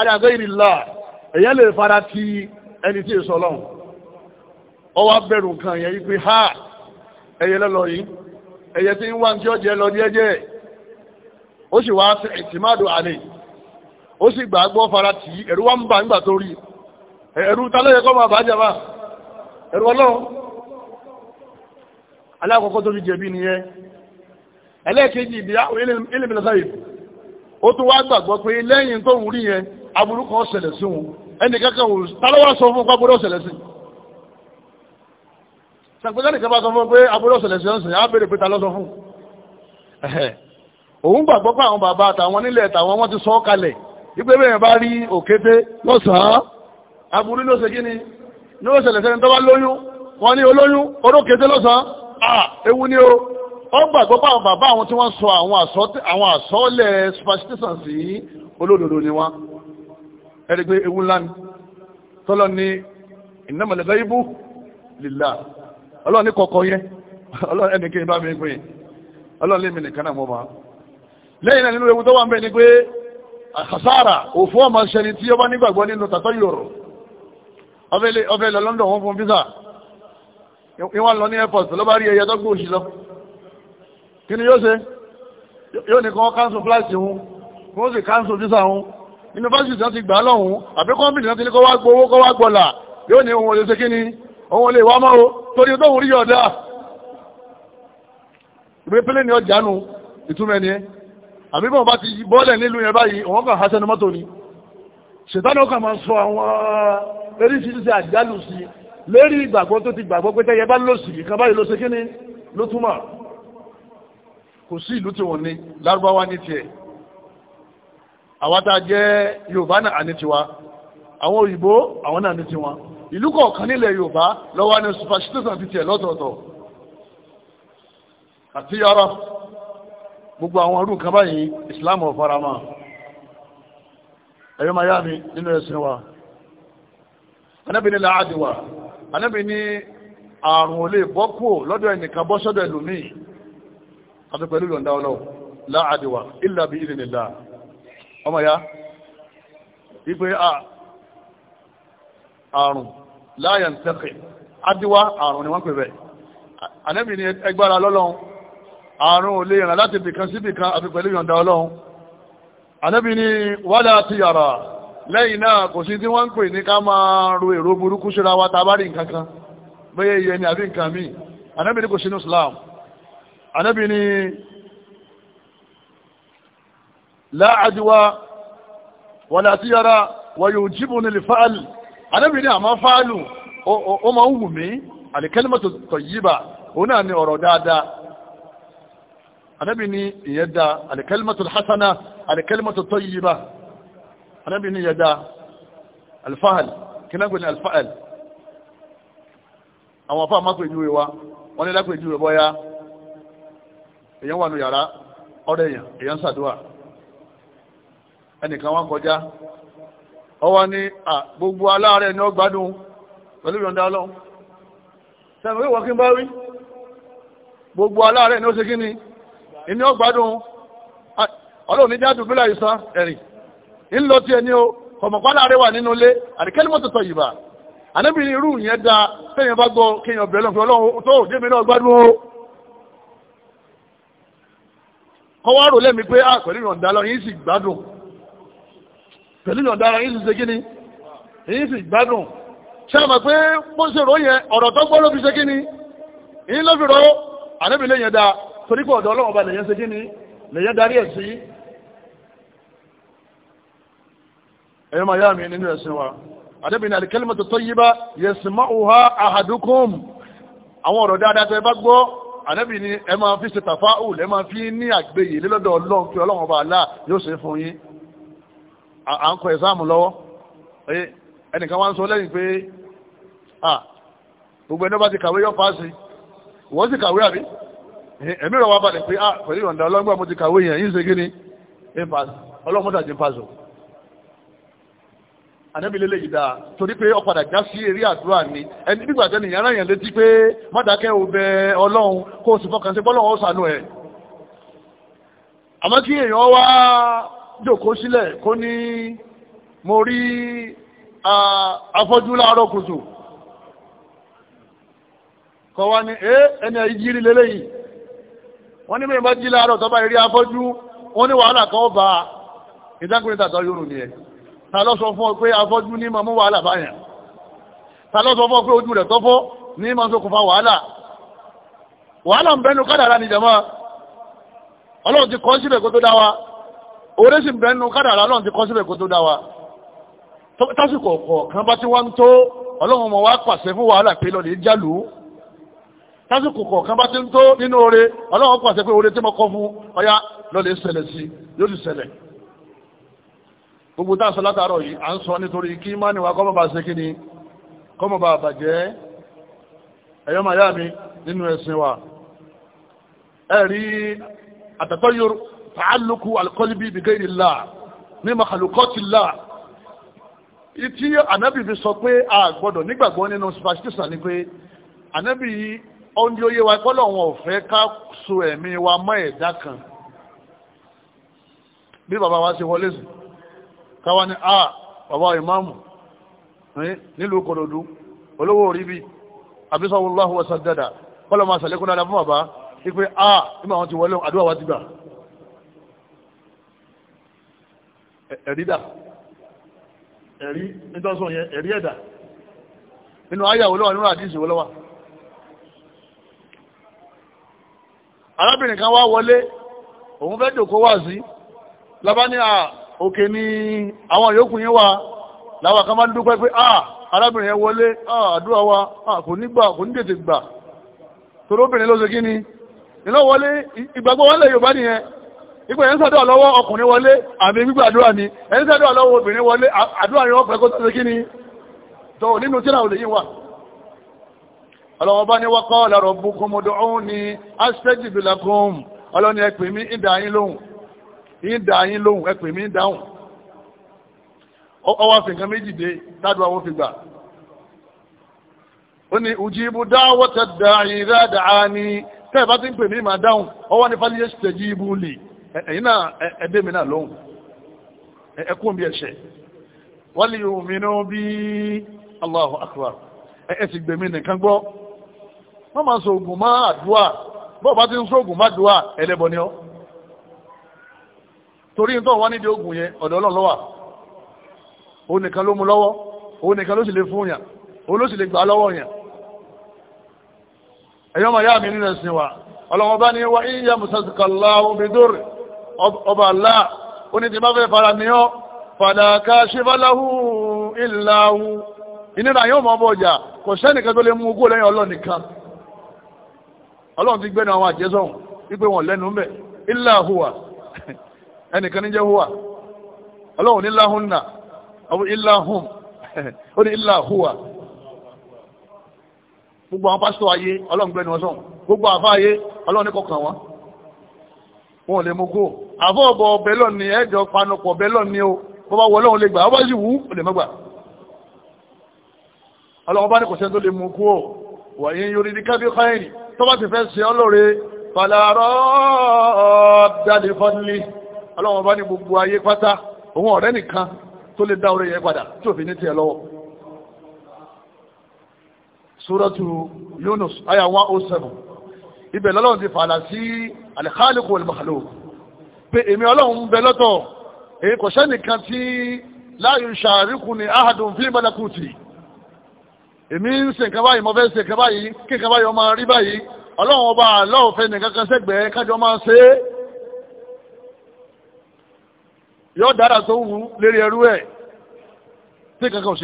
àdàgbé ìrìlá èyàn lè fara ti ẹni tí èso ọlọ́run ọ wá bẹ̀rù nǹkan ha ẹyẹ lọ́lọ yìí ẹyẹ tí ń wá ní ọjẹ́ lọ ní ẹjẹ́ ó sì wá sí ìtìmádò àlè ó sì gbàgbọ́ fara tì í wá ń bà nígbà tó rí ẹ̀rú tálẹ́yẹ kọ́ máa bàájẹ́ bá ọlọ́run alákọ̀ọ́kọ́ tó fi jẹ̀bi aburú kan ṣẹlẹ̀ sí wọn ẹni kankan wò tálọ́wọ́ sọ fún pàbúrò ṣẹlẹ̀ sí sàgbẹ́sẹ̀lẹ̀ kan bá sọ fún pé aburú ṣẹlẹ̀ sí ọ̀sẹ̀ á bèèrè pé ta ló sọ fún òun gbàgbọ́ pé àwọn bàbá àtàwọn nílẹ̀ àtàwọn wọ́n ti sọ kalẹ̀ wípé bẹ́ẹ̀ bá rí òkété lọ́sàn-án aburú ló ṣe kíni ní ó ṣẹlẹ̀ sẹ́ni tó bá lóyún wọ́n ní olóyún orókété lọ́sàn-án ewu ni o wọ́n gbàgbọ́ pé àwọn bàbá àwọn tí wọ́n sọ àwọn àsọ́lẹ̀ superstition sí olódodo ni wọ́n ẹ̀rí pé ewu ńlá ni tọ́lọ́ ni innamal ghaibu lillah ọlọ́run ní kọ̀ọ̀kọ̀ yẹn ọlọ́run ẹnì kí n bá mi pín ọlọ́run lé mi nìkan náà mọ́ ma lẹ́yìn náà nínú ewu tó wà ń bẹ ni pé àkàsára òfú ọmọ ṣẹni tí ọba nígbàgbọ́ nínú tàtọ́ yòrò ọfẹ́ lọ London wọn fún visa ìwọ̀n lọ ní airport ló bá rí ẹyẹ tó gbòòṣì lọ kí ni yóò ṣe yóò ní cancel flight wọn kí wọ́n sì cancel visa wọn yunifásitì náà ti gbà lọ́hùn àbí kọ́mpìnì náà ti ní kọ́ wá gbowó kọ́ wá gbọ́là yóò ní ohun olè kí ni ohun olè wá mọ́ o torí tó wù rí ọ̀dà ìwé pélé ni ọjà nu ìtumẹ̀ ni ẹ àbí bọ́n bá ti bọ́ọ̀lẹ̀ nílùú yẹn báyìí òun kàn há sẹ́nu mọ́tò ni ṣètánù ọkàn máa sọ àwọn eréṣiríṣi àjálù sí lérí ìgbàgbọ́ tó ti gbàgbọ́ pé tẹ́yẹ bá lòsì ìkan báyìí ló kí ni ló túmọ̀ kò sí ìlú tí wọ́n ní lárúbáwá ní tiẹ̀ àwọn tá a jẹ́ yorùbá náà ní tiwa àwọn òyìnbó àwọn náà ní tiwọn ìlú kọ̀ọ̀kan nílẹ̀ yorùbá lọ́wọ́ ní superstition ti tiẹ̀ lọ́tọ̀ọ̀tọ̀ àti yọrọ gbogbo àwọn ọdún kan báyìí islam ọ̀farama ẹ̀yọ́ máa yá mi nínú ẹ̀sìn wa anábì ní làádìwà anábì ní àrùn olè bọ́kù lọ́dọ̀ ẹnìkan bọ́ sọ́dọ̀ àti pẹ̀lú yọ̀ǹda ọlọ́ làádìwà illa bi ọmọ ya wípé àrùn láyàn tẹ́kẹ̀ adiwa àrùn ni wọ́n pè bẹ̀ ànẹ́bì ni ẹgbára lọ́lọ́run àrùn olè ìrìn láti bìkan sí bìkan àfi pẹ̀lú yọ̀ǹda ọlọ́run ànẹ́bì ni wádà ti yàrá lẹ́yìn náà kò sí tí wọ́n ń pè ní ká máa ro èrò burúkú síra wa ta bá rí nǹkan kan bẹ́yẹ iye ni àbí nǹkan míì ànẹ́bì ni kò sínú Islam ànẹ́bì ni láàájúwá wọ́n láti yára wọ́n yóò jíbò ní lèfàálì anábì ní àmá fàálù o ma ń wù mí alìkẹ́lìmọ̀tò tọ̀yíbà o náà ni ọ̀rọ̀ dáadáa anábì ní ìyẹ́dá alìkẹ́lìmọ̀tò hasana alìkẹ́lìmọ̀tò tọ̀yíbà anábì ní ìyẹ́dá alfahal kínágbé ní alfahal àwọn afá mápèjúwe wa wọ́n ní lápèjúwe bọ́yá ẹnìkan wá kọjá ọwọ́ ní gbogbo aláàrẹ̀ ní ọgbádùn pẹ̀lú ìrọ̀ndà ọlọ́run sẹ́mi wíwọ́ kí n bá rí gbogbo aláàrẹ̀ ní ó ṣe kí ni ìní ọgbádùn ọlọ́run ní jáde ìsá ẹ̀rìn ńlọ tí ẹni o ọmọpá láàrẹ̀ wà nínú ilé àdìkẹ́lì mọ́tò tọ̀ yìí bá ànábì ní irú yẹn da téèyàn bá gbọ́ kéèyàn bẹ̀rẹ̀ lọ́pẹ́ ọlọ́run tó débi náà gbádùn lẹ́mi pé á pẹ̀lú ìrọ̀ndà ọlọ́run yìí sì gbádùn pẹ̀lú ìyọ̀ǹda ara ṣe kí ni èyí sì gbádùn ṣé àmà pé bó ṣe rò yẹn ọ̀rọ̀ tó gbọ́ ló fi ṣe kí ni èyí ló fi rò ànábìlẹ̀ yẹn dáa torí pé ọ̀dọ̀ ọlọ́wọ́ ba lèyẹn ṣe kí ni lèyẹn darí ẹ̀ sí ẹ̀yọ́ máa yá mi nínú ẹ̀sìn wa àdébìnrin al-kalimatu tayyiba yasma'uha ahadukum àwọn ọ̀rọ̀ dáadáa tẹ́ bá gbọ́ ànábì ni ẹ máa fi ṣe tàfáù lẹ́ máa fi ní àgbèyè lélọ́dọ̀ ọlọ́run pé ọlọ́run ọba àlá yóò ṣe fún yín à ń kọ ẹ̀sáàmù lọ́wọ́ ẹnìkan wá ń sọ lẹ́yìn pé gbogbo ẹni bá ti kàwé yọ fáàsì wọ́n sì kàwé àbí ẹ̀mí rẹ̀ wá balẹ̀ pé ah pẹ̀lú ìrọ̀ǹda ọlọ́gbà mo ti kàwé yẹn yìí ń ṣe kí ni ọlọ́mọdàjì ń fàṣọ anábìlélẹ̀ yìí dáa torí pé ọ̀padà já sí eré àdúrà ni ẹni nígbà tẹ́ni yàrá yẹn létí pé mọ́dàkẹ́ ò bẹ ọlọ́run kó o sì fọkàn sí bọ́lọ́run ó ṣàánú ẹ̀ àmọ́ kí èèyàn wá jòkó sílẹ̀ kó ní mo rí afọ́jú láàárọ̀ kùtù kọ wá ní ẹni ìjírí lélẹ́yìn wọ́n ní mẹ́rin bá jí láàárọ̀ tọ́bá ìrí afọ́jú wọ́n ní wàhálà kan ó bá ìdákùnrin tàtọ́ yóò ní ẹ̀ ta ló sọ fún ọ pé afọ́jú ní ma mú wàhálà báyàn ta ló sọ fún ọ pé ojú rẹ̀ tọ́fọ́ ní ma sókùnfà wàhálà wàhálà ń bẹnu kádàrá ni jàmá ọlọ́run ti kọ́ sílẹ̀ kó tó dá orí sì bẹ̀rẹ̀ nù kádàrà ọlọ́run ti kọ́ síbẹ̀ kó tó dá wa tásìkò kọ̀ọ̀kan bá tí wọ́n ń tó ọlọ́run mọ̀ wá pàṣẹ fún wàhálà pé lọ́lẹ̀ jálù tásìkò kọ̀ọ̀kan bá tí ń tó nínú oore ọlọ́run pàṣẹ pé oore tí mo kọ́ fún ọya lọ́lẹ̀ ṣẹlẹ̀ sí yóò sì ṣẹlẹ̀ gbogbo táàsọ látàárọ̀ yìí à ń sọ nítorí kí mánì wa ni kọ́mọ̀ bá bàjẹ́ ẹ̀yọ́ màyá mi nínú ẹ̀sìn wa ẹ̀rí àtàtọ́ yorùbá tààlùkù alkọ́líbí bìgẹ́rì là ní makalukọ́tì là tí ànábì fi sọ pé a gbọ́dọ̀ nígbàgbọ́ nínú superstition ni pé ànábì ọ̀ndí oyé wa kọ́lọ̀ wọn ò fẹ́ ká so ẹ̀mí wa mọ́ ẹ̀dá kan bí bàbá wa ṣe wọlé sí káwa ni a ah, bàbá ìmáàmù nílùú kòròdú olówó orí bí àbísọ̀wọ́láhùwẹ̀sà dada kọ́lọ̀ máa ṣàlékún dáadáa fún bàbá wípé a ah, nígbà wọn ti wọlé àdúrà wa ti gbà ẹ̀rídà ẹ̀rí nítọ́sùn yẹn ẹ̀rí ẹ̀dà nínú ayàwó lọ́wọ́ nínú àdíṣì wọ́n lọ́wọ́ arábìnrin kan wá wọlé òun fẹ́ jòkó wà sí lábá ní òkè ní àwọn yòókù yín wà láwà kan bá dúpẹ́ pé ah arábìnrin yẹn wọlé ah àdúrà wa ah kò ní gbà kò ní tètè gbà toróbìnrin ló ṣe kí ni ìlọ́wọlé ìgbàgbọ́ wọlé Yorùbá nìyẹn ipò ẹ̀ ń sàdúrà lọ́wọ́ ọkùnrin wọlé àmì gbígbàdúrà ni ẹ̀ ń sàdúrà lọ́wọ́ obìnrin wọlé àdúrà yọ ọ̀pẹ́ kó tẹ́lẹ̀ kí ni tó nínú tíra olè yìí wà ọlọ́wọ́ bá ní wọ́kọ́ ọ̀lọ́rọ̀ bukun mọ́dọ̀ ọ̀hún ni aspect bilakum ọwọ́ ujibu dáwọ́tẹ̀ dàáyín rádàá ni tẹ́ẹ̀ bá ti ń pè mí màá dáhùn ibú lè ẹ̀yin náà ẹ̀dẹ́ mi náà lóhùn ẹkún bí lè mi náà bí Allahu akbar ẹsẹ sì nìkan gbọ́ máa sọ ti ń sọ ni torí nítorí wọn nídìí ògùn yẹn ọ̀dọ̀ Ọlọ́run ló òun nìkan ló mú lọ́wọ́ òun nìkan ló sì lè fún yàn òun ló sì lè gbà lọ́wọ́ yàn ẹ̀yọ́ màá ya mi nínú ọba Allah ó ní ti bá fẹ́ fara ní ọ́ fàdákà ṣífàláhù ìlàhù ìnira yóò ọbọ ọjà kò sẹ́nìkan tó lè mú ogó lẹ́yìn ọlọ́run nìkan ti gbẹ́nu àwọn àjẹsọ̀hún wípé wọn lẹ́nu mbẹ̀ ìlàhùwà ẹnìkan ní ọlọ́run ìlàhùwà gbogbo àwọn wọn ò lè mú kó àfọ́ ọ̀bọ̀ bẹ́lọ̀ ni ẹ̀jọ̀ panupọ̀ bẹ́lọ̀ ni o bọ́ bá wọlé lè gbà ọ bá sì wú lè mọ́gbà ọlọ́wọ́ bá ní kò sẹ́ni lè mú kó wà yín yorí ní kábí káyìnì tó bá ti fẹ́ ṣe ọ́ lóore Suratu Yunus aya 107 ibẹ̀ lọ́lọ́run ti fààlà sí al-Khaliq wal-Makhluq pé èmi ọlọ́run ń bẹ lọ́tọ̀ èyí kò sẹ́nìkan tí la yusharikuni ahadun fi malakuti èmi ń ṣe nǹkan báyìí mo fẹ́ ṣe nǹkan báyìí kí nǹkan báyìí ọmọ rí báyìí ọlọ́run ọba lọ́ọ̀fẹ́ nìkan kan sẹ́gbẹ̀ẹ́ kájọ máa ṣe é yóò dára tó wù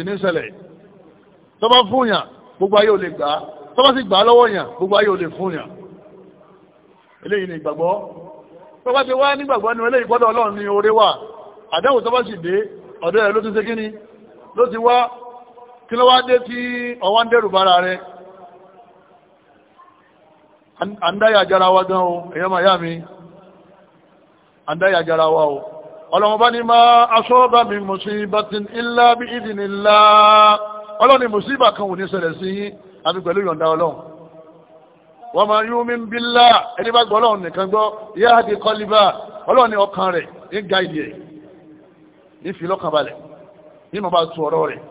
ní ṣẹlẹ̀ tó bá fún yàn gbogbo ayé ò lè gbà tó bá gbà lọ́wọ́ yàn gbogbo ayé ò lè fún yàn eléyìí ni ìgbàgbọ́ tó bá ti wá nígbàgbọ́ ni eléyìí gbọ́dọ̀ ọlọ́run ni oore wà àdáwò tó bá sì dé ọ̀dọ̀ ẹ̀ ló ti ṣe kíni ló ti wá kí ló wá dé tí ọwọ́ ń dẹ́rù bára rẹ̀ àndáyà jara wa gan o èyàn ni máa aṣọ́ọ́bà mi musibatin illa bi idhnillah ọlọ́ni mùsíbà kan ò ní ṣẹlẹ̀ sí wa man yu'min billah ẹni bá gbọ́ ọlọ́run nìkan gbọ́ yahdi qalba ọlọ́run ní ọkàn rẹ̀ ní gáìdì ẹ̀ ní fi lọ́kàn balẹ̀ ní màá bá tu ọ̀rọ̀ rẹ̀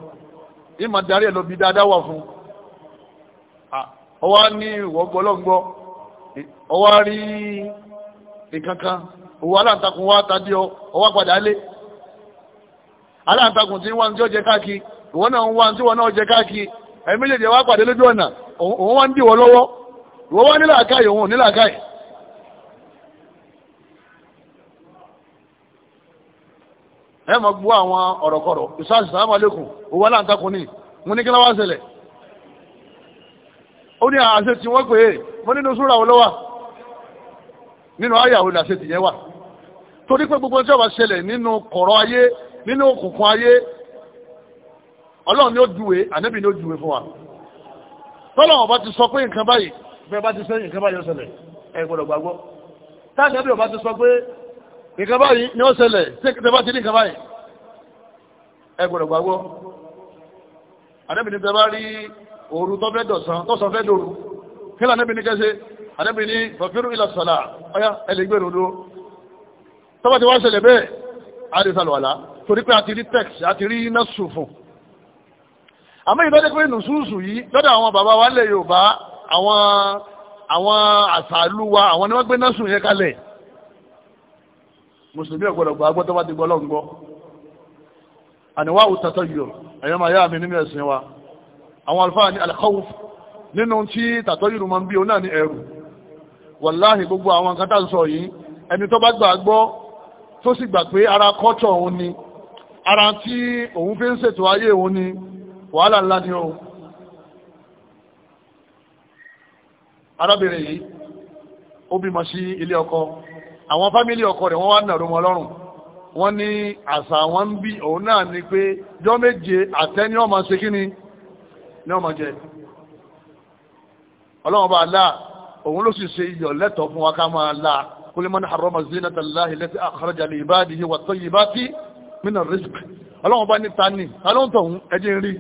ní màá darí ẹ̀ lọ bí dáadáa wà fún ọwọ́ ní ìwọ̀ gbọ́ ọlọ́run gbọ́ ọwọ́ rí nǹkankan òwò aláǹtakùn wá tàbí ọwọ́ padà lé aláǹtakùn tí wọ́n tí káàkiri náà wọ́n náà káàkiri ẹ̀mí lè wá lójú ọ̀nà òun wá ń dìwọ́ lọ́wọ́ ìwọ wá nílà àkáyè òun ò nílà àkáyè. ẹ mọ̀ gbọ́ àwọn ọ̀rọ̀kọ̀rọ̀ ìsáàsì sàmà lẹ́kùn owó aláǹtakùn ní mo ní kí láwá ṣẹlẹ̀ ó ní àṣẹ tí wọ́n pè é mo nínú súra olówà nínú ayàwó làṣẹ tìyẹn wà torí pé gbogbo ọjọ́ bá ṣẹlẹ̀ nínú kọ̀rọ̀ ayé nínú òkùnkùn ayé ọlọ́run ni ó júwe ànábì ni ó júwe fún wa tọ́lọ́run bá ti sọ pé nǹkan báyìí bẹ́ẹ̀ bá ti sẹ́yìn nǹkan báyìí ó ṣẹlẹ̀ ẹ gbọ́dọ̀ gbàgbọ́ táàkì ẹbí ọba ti sọ pé nǹkan báyìí ni ó ṣẹlẹ̀ tẹ́ bá ti ní nǹkan báyìí ẹ gbọ́dọ̀ gbàgbọ́ àdẹ́bìnrin tẹ bá rí òru tó fẹ́ dọ̀sán tó sọ fẹ́ dòru kí lànà ẹbìnrin kẹsẹ̀ àdẹ́bìnrin fọ̀fírù ilà sọ̀là ọyá ẹ lè gbèrò dúró tó bá ti wá ṣẹlẹ̀ bẹ́ẹ̀ àdìsàlùwàlá torí pé àti rí text àti rí nọ́ọ̀sù fún àmọ́ ìbẹ́dẹ́gbẹ́ nùsùsù yìí lọ́dọ̀ àwọn bàbá wa lẹ̀ Yorùbá àwọn àwọn àṣàlù wa àwọn ni wọ́n gbé náà sùn yẹn kalẹ̀ mùsùlùmí ọ̀gbọ̀dọ̀ gbọ́ agbọ́tọ́ bá ti gbọ́ lọ́ngbọ́ àníwá òtàtọ̀ yìí ẹ̀yọ́ máa yá mi nínú ẹ̀sìn wa àwọn alfáà ní alkhawf nínú tí tàtọ̀ yìí máa bí onáà ní ẹ̀rù wàláhì gbogbo àwọn nǹkan tá ń sọ yìí ẹni tó bá gbà gbọ́ tó sì gbà pé ara kọ́tọ̀ òun ni ara tí òun fi ń ṣètò ayé òun ni wàhálà ńlá ni òun arábìnrin yìí ó bímọ sí ilé ọkọ àwọn fámílì ọkọ rẹ̀ wọ́n wá nàró wọn lọ́rùn wọ́n ní àṣà wọn ń bí òun náà ni pé jọ méje àtẹ́ ní ọmọ ṣe kíni ní ọmọ jẹ ọlọ́run bá láà òun ló sì ṣe iyọ̀ lẹ́tọ̀ọ́ fún wa ká máa láà kul man harrama zinata Allahi allati akhraja li ibadihi wat tayyibati minar rizq ọlọ́run bá ní tani alóhùn tọ̀hún ẹjẹ́ rí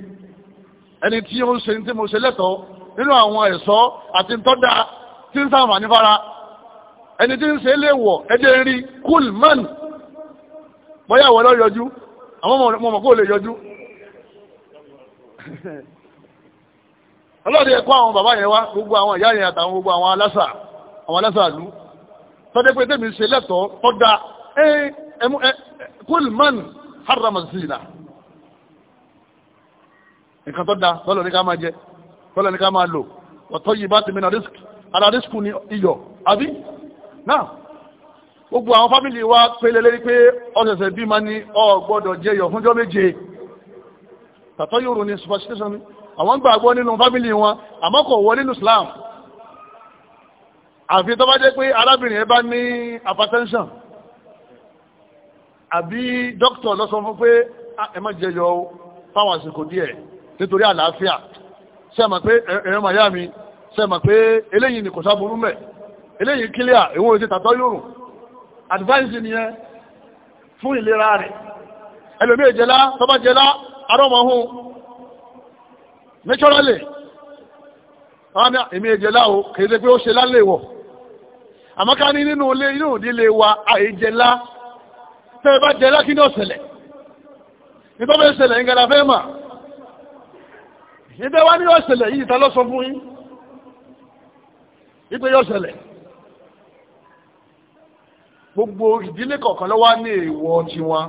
ẹni tí ó ń ṣe ní tí mo ṣe lẹ́tọ̀ọ́ nínú àwọn ẹ̀ṣọ́ àti tọ́dá tí ń sáàmà ní fara ẹni tí ń ṣe léwọ̀ ẹjẹ́ rí cool man bọ́yá ìwọ̀ lọ yọjú àwọn ọmọ kó lè yọjú ọlọ́dẹ ẹ̀kọ́ àwọn bàbá yẹn wá gbogbo àwọn ìyá yẹn àtàwọn gbogbo àwọn alásà àwọn alásà lú tọ́dẹ́ pé tẹ́mi ṣe lẹ́tọ̀ọ́ tọ́dá cool man haram zina nǹkan tọ́dá tọ́lọ̀ ní ká máa jẹ́ tọ́lẹ̀ ní ká máa lò ọ̀tọ́ yìí bá ti mìíràn risk ara risk ni iyọ̀ àbí náà gbogbo àwọn fámìlì wa pélé lérí pé ọ̀sẹ̀sẹ̀ bí ma ní ọ gbọ́dọ̀ jẹ yọ̀ fúnjọ́ méje tàtọ́ yòrò ni superstition ni àwọn gbàgbọ́ nínú fámìlì wọn àmọ́ kò wọ nínú Islam àfi tó bá jẹ́ pé arábìnrin ẹ bá ní hypertension àbí dókítà ló sọ fún pé ah, ẹ má fáwọn àsìkò díẹ̀ nítorí àlàáfíà sẹ́mà pé ẹ̀rọ màyá mi sẹ́mà pé eléyìí ni kò sáburú mẹ́ eléyìí kílíà ìwọ̀n ètò tàtọ́ yóò rùn advice ni ẹ fún ìlera rẹ̀ ẹlòmí ìjẹlá tọ́bá jẹlá arọ́mọ̀hún naturally wọ́n ní èmi ìjẹlá o kìí ṣe pé ó ṣe láléwọ̀ àmọ́ká ní nínú ilé inú ìdílé wa àìjẹlá tẹ́ẹ̀ jẹlá kí ní ọ̀sẹ̀lẹ̀ ìbẹ́ wá ní yóò ṣẹlẹ̀ yìí ta ló sọ fún yín wípé yóò ṣẹlẹ̀ gbogbo ìdílé kọ̀ọ̀kan ló wà ní èèwọ̀ tiwọn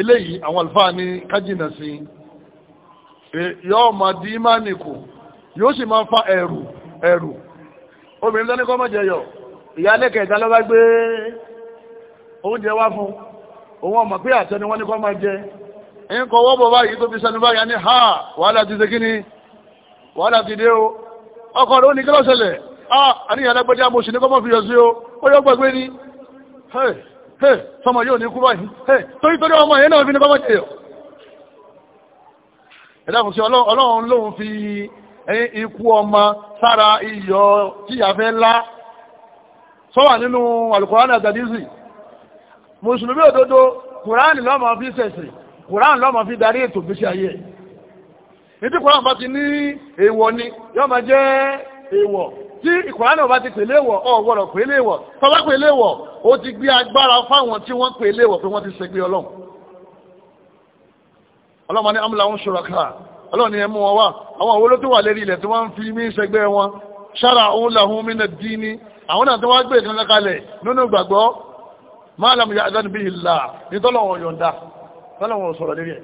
eléyìí àwọn àlùfáà ní kájìnà sí e, yóò máa dí ìmánì kù yóò sì máa fa ẹ̀rù ẹ̀rù obìnrin tó ní kọ́ mọ̀ jẹyọ ìyálé oúnjẹ wá fún òun ọmọ pé àtẹ wọ́n ní kọ́ ẹ̀yìn kọ wọ́bọ̀ báyìí tó fi sẹ́nu báyìí ní ha wàhálà ti ṣe kíni wàhálà ti dé o ọkọ̀ rẹ̀ ó ní kí lọ́sẹ̀lẹ̀ ah àníyàn alágbẹ́já mo sì ní kọ́mọ́ fi yọ sí o ó yọ gbàgbé ni sọmọ yóò ní kú báyìí torí torí ọmọ yẹn náà fi ní bá bàjẹ́ yọ ẹ̀dàkùn sí ọlọ́run lóhun fi ikú ọmọ sára iyọ̀ tíyà fẹ́ lá sọ́wà nínú mùsùlùmí òdodo kùránì lọ́mọ fi sẹ̀sìn koran lọ́mọ fi darí ètò gbèsè ayé ẹ̀ tí bá ti ní èèwọ̀ ni yọ́ ma jẹ́ èèwọ̀ tí koran náà bá ti pèlè wọ̀ ọ̀ wọ̀rọ̀ pèlè wọ̀ tọ́lá pèlè wọ̀ ó ti gbé agbára fáwọn tí wọ́n pèlè wọ̀ pé wọ́n ti ṣẹgbẹ́ ọlọ́run ọlọ́run ní amúlá ń ṣòro ká ọlọ́run ní ẹmú wọn wá àwọn àwọn olótó wà lérí ilẹ̀ tí wọ́n ń fi mí ṣẹgbẹ́ wọn ṣára òun làwọn mí náà tọ́lọ̀wọ̀n sọ̀rọ̀ lérí ẹ̀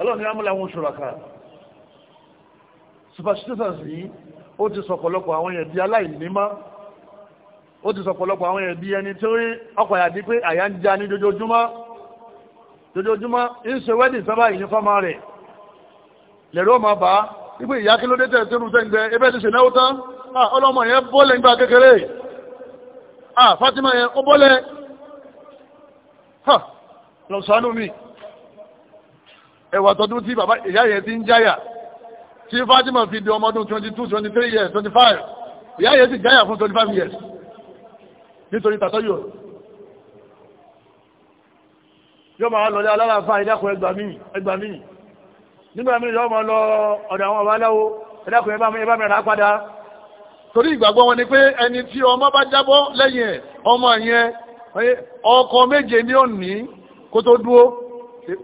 ọlọ́run ni amúlẹ̀ àwọn ṣùràkà superstitions yìí ó ti sọ̀pọ̀lọpọ̀ àwọn èèyàn bí aláìnímá ó ti sọ̀pọ̀lọpọ̀ àwọn èèyàn bí ẹni tí ó rí ọkọ̀ àyàdí pé àyà ń já ní jojoojúmọ́ jojoojúmọ́ ń ṣe wẹ́dì sábà yìí fọ́mọ́ rẹ̀ lẹ́rọ ọmọ bá Fatima yẹn ó bọ́lẹ̀ lọ́sàánú mi ẹ̀wà tọdún tí bàbá ìyá yẹn ti ń jáyà tí Fatima fi di ọmọ 22 23 years 25 ìyá yẹn ti jáyà fún 25 years nítorí tàtọ́yò yóò máa lọlé aláràfáà ìdákùn ẹgbà míì nígbà míì yóò máa lọ ọ̀dọ̀ àwọn ọ̀báláwo ẹ̀dákùn ẹbá mẹ́ra padà torí ìgbàgbọ́ wọn ni pé ẹni tí ọmọ bá jábọ́ lẹ́yìn ẹ̀ ọmọ yẹn ọkọ méje ní òní kó tó dúó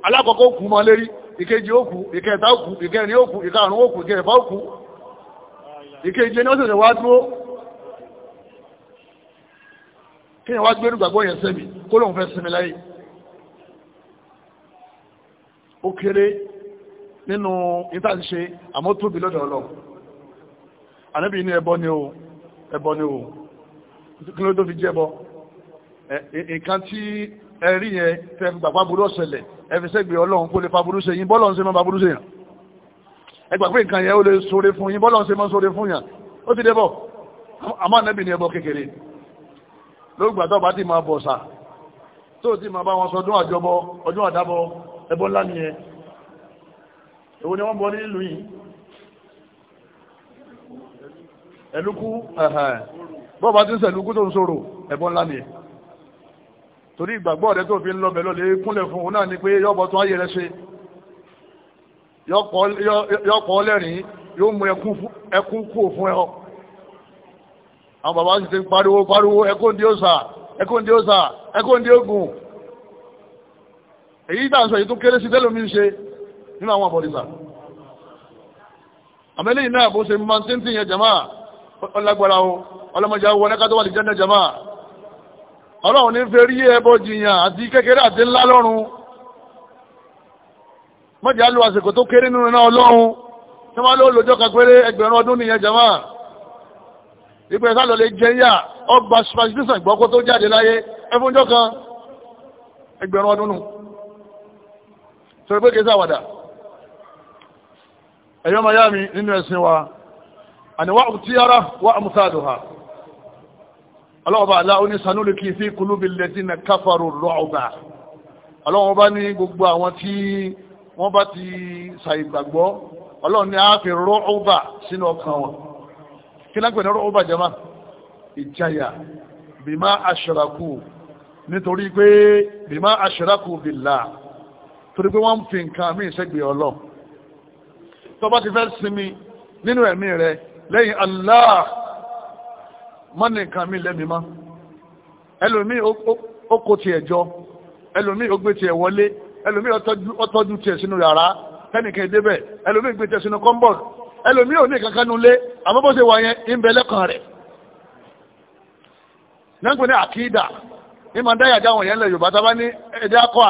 alákọ̀ọ́kọ́ kù mọ́ lérí ìkejì òkú ìkẹta òkú ìkẹrin òkú ìkarùn òkú ìkẹfà òkú ìkejì ní ọ̀sẹ̀ wá dúró kí ni wá gbé nígbàgbọ́ yẹn sẹ́mi kó lóun fẹ́ sinmi láyé ó kéré nínú ìtàṣe àmọ́ tóbi lọ́dọ̀ ọlọ́run ànábì ní ẹbọ ni o ẹbọ ni o kí ló tó fi jẹ́bọ nǹkan tí ẹ̀rí yẹn tẹ́ gbàgbá burú ọ̀sẹ̀lẹ̀ ẹfẹsẹ́gbẹ̀ ọlọ́run kó lè fa burú ṣe yín bọ́lọ́run ṣe máa ba burú ṣe yàn ẹgbà pé nǹkan yẹn ó lè sóre fún yín bọ́lọ́run ṣe máa sóre fún yàn ó ti débọ̀ àmọ́ ànábì ní ẹbọ kékeré lóògbà tó bá ti máa bọ̀ sà tó ti máa bá wọn sọdún àjọbọ ọdún àdábọ ẹbọ ńlá nìyẹn èwo ni wọ́n bọ nílùú yìí ẹ̀lúkú bọ́ọ̀ bá ti ń sẹ̀lúkú tó ń sọ̀rọ̀ ẹbọ ńlá nìyẹn torí ìgbàgbọ́ rẹ tó fi ń lọ́bẹ̀ lọ́lẹ̀ kúnlẹ̀ fún òun náà ni pé yọ́bọ̀ tó ayé rẹ ṣe yọ́kọ̀ lẹ́rìn yóò mú ẹkún kú fún ẹ àwọn bàbá sì ti pariwo pariwo ẹkún di ogun èyí tà sọ èyí kéré sí tẹ́lómi ń ṣe nínú àwọn àbọ̀dìgbà ọlọ́run ní fẹ́ rí ẹbọ jiyàn àti kékeré àti ńlá lọ́run mọ́jà lu àsìkò tó kéré nínú iná ọlọ́run tí wọ́n ló lòjọ́ kan péré ẹgbẹ̀rún ọdún nìyẹn jama ìpè sálọ lè jẹ yá ọgbà spasitísàn gbọ́kó tó jáde láyé ẹfúnjọ́ kan ẹgbẹ̀rún ọdún nù pé wa àníwá ọlọ́ọ̀bá aláwọ̀ ní sanúlù kí fi kulubi lẹ́dínà káfàrò rọ́ọ̀bà ọlọ́wọ́n bá ní gbogbo àwọn tí wọ́n bá ti ṣàìgbàgbọ́ ọlọ́run ní ààfin rọ́ọ̀bà sínú ọkàn wọn kí lágbẹ̀ ní rọ́ọ̀bà jẹ́mà ìjáyà bímá aṣọ́rakù nítorí pé bímá aṣọ́rakù bìlà torí pé wọ́n má ní nǹkan mi lẹ́mi má ẹlòmíì ó tiẹ̀ jọ ẹlòmíì ó gbé tiẹ̀ wọlé ẹlòmíì ó tiẹ̀ sínú yàrá tẹ́nìkan gbé tiẹ̀ sínú kankan nulẹ̀ àmọ́ bó ṣe wà yẹn ń bẹ lẹ́kàn rẹ̀ náà ní àkídà ní dáyà yẹn yorùbá ní akọ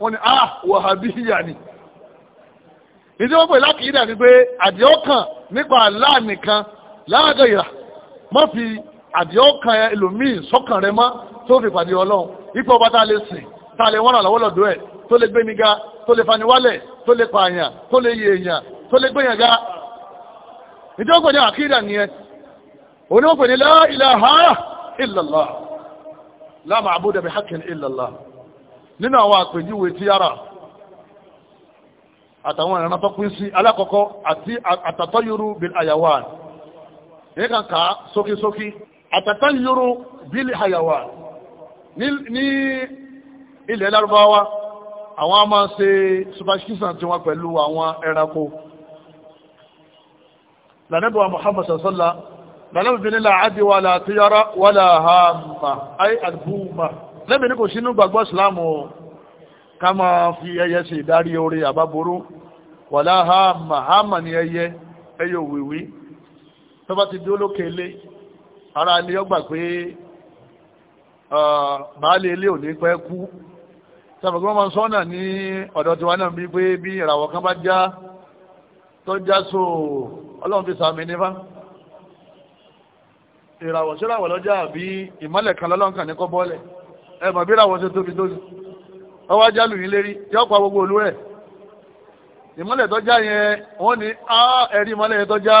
wọn ni ah wàhábíyà ni ìdí pè ni pé nípa kan láàgàyà fi àdìọ́kàn ẹlòmíì sọ́kàn rẹ mọ́ tó fi pàdé ọlọ́run ipò ọba tá a lè sìn tá a lè wọ́n ràn lọ́wọ́ lọ́dọ̀ ẹ̀ tó lè gbéni ga tó lè fani wálẹ̀ tó lè pààyàn tó lè yè èèyàn tó lè gbéyàn ga ìjọ pè ní àkídà nìyẹn òní ó pè ní la ilaha illallah la ma'buda bi haqqin illallah nínú àtàtàyòrò bílì àyàwà ní ilẹ̀ lárúbáwá àwọn a máa ṣe superstition tí wọ́n pẹ̀lú àwọn ẹranko lànẹ́bọ̀wà Muhammad sassalla lànẹ́bọ̀ bí nílà àdíwà látúyára wàlà hàmà ayé àdúgbùmà lẹ́bẹ̀ ní kò sínú gbàgbọ́ ìsìláàmù ká máa fi ẹyẹ ṣe ìdarí orí àbáború wàlà hàmà hàmà ni ẹyẹ ẹyẹ òwìwí tó bá ti dúró lókè lé ara ilé ọgbà pé baálé ilé ò ní pẹ́ kú sàbẹ̀kí wọ́n máa sọ ní ọ̀dọ̀ náà pé bí ìràwọ̀ kan bá já tó já so ọlọ́run fi sàmì ìràwọ̀ síràwọ̀ lọ́jà bí ìmọ́lẹ̀ kan lọ́lọ́run kàn ní kọ́ bọ́ọ̀lẹ̀ ẹ bí ìràwọ̀ ṣe tóbi tóbi ọwọ́ ajá lù yín lérí yọ pa gbogbo olú rẹ̀ ìmọ́lẹ̀ tó yẹn wọ́n ní á ẹ̀rí ìmọ́lẹ̀ tó já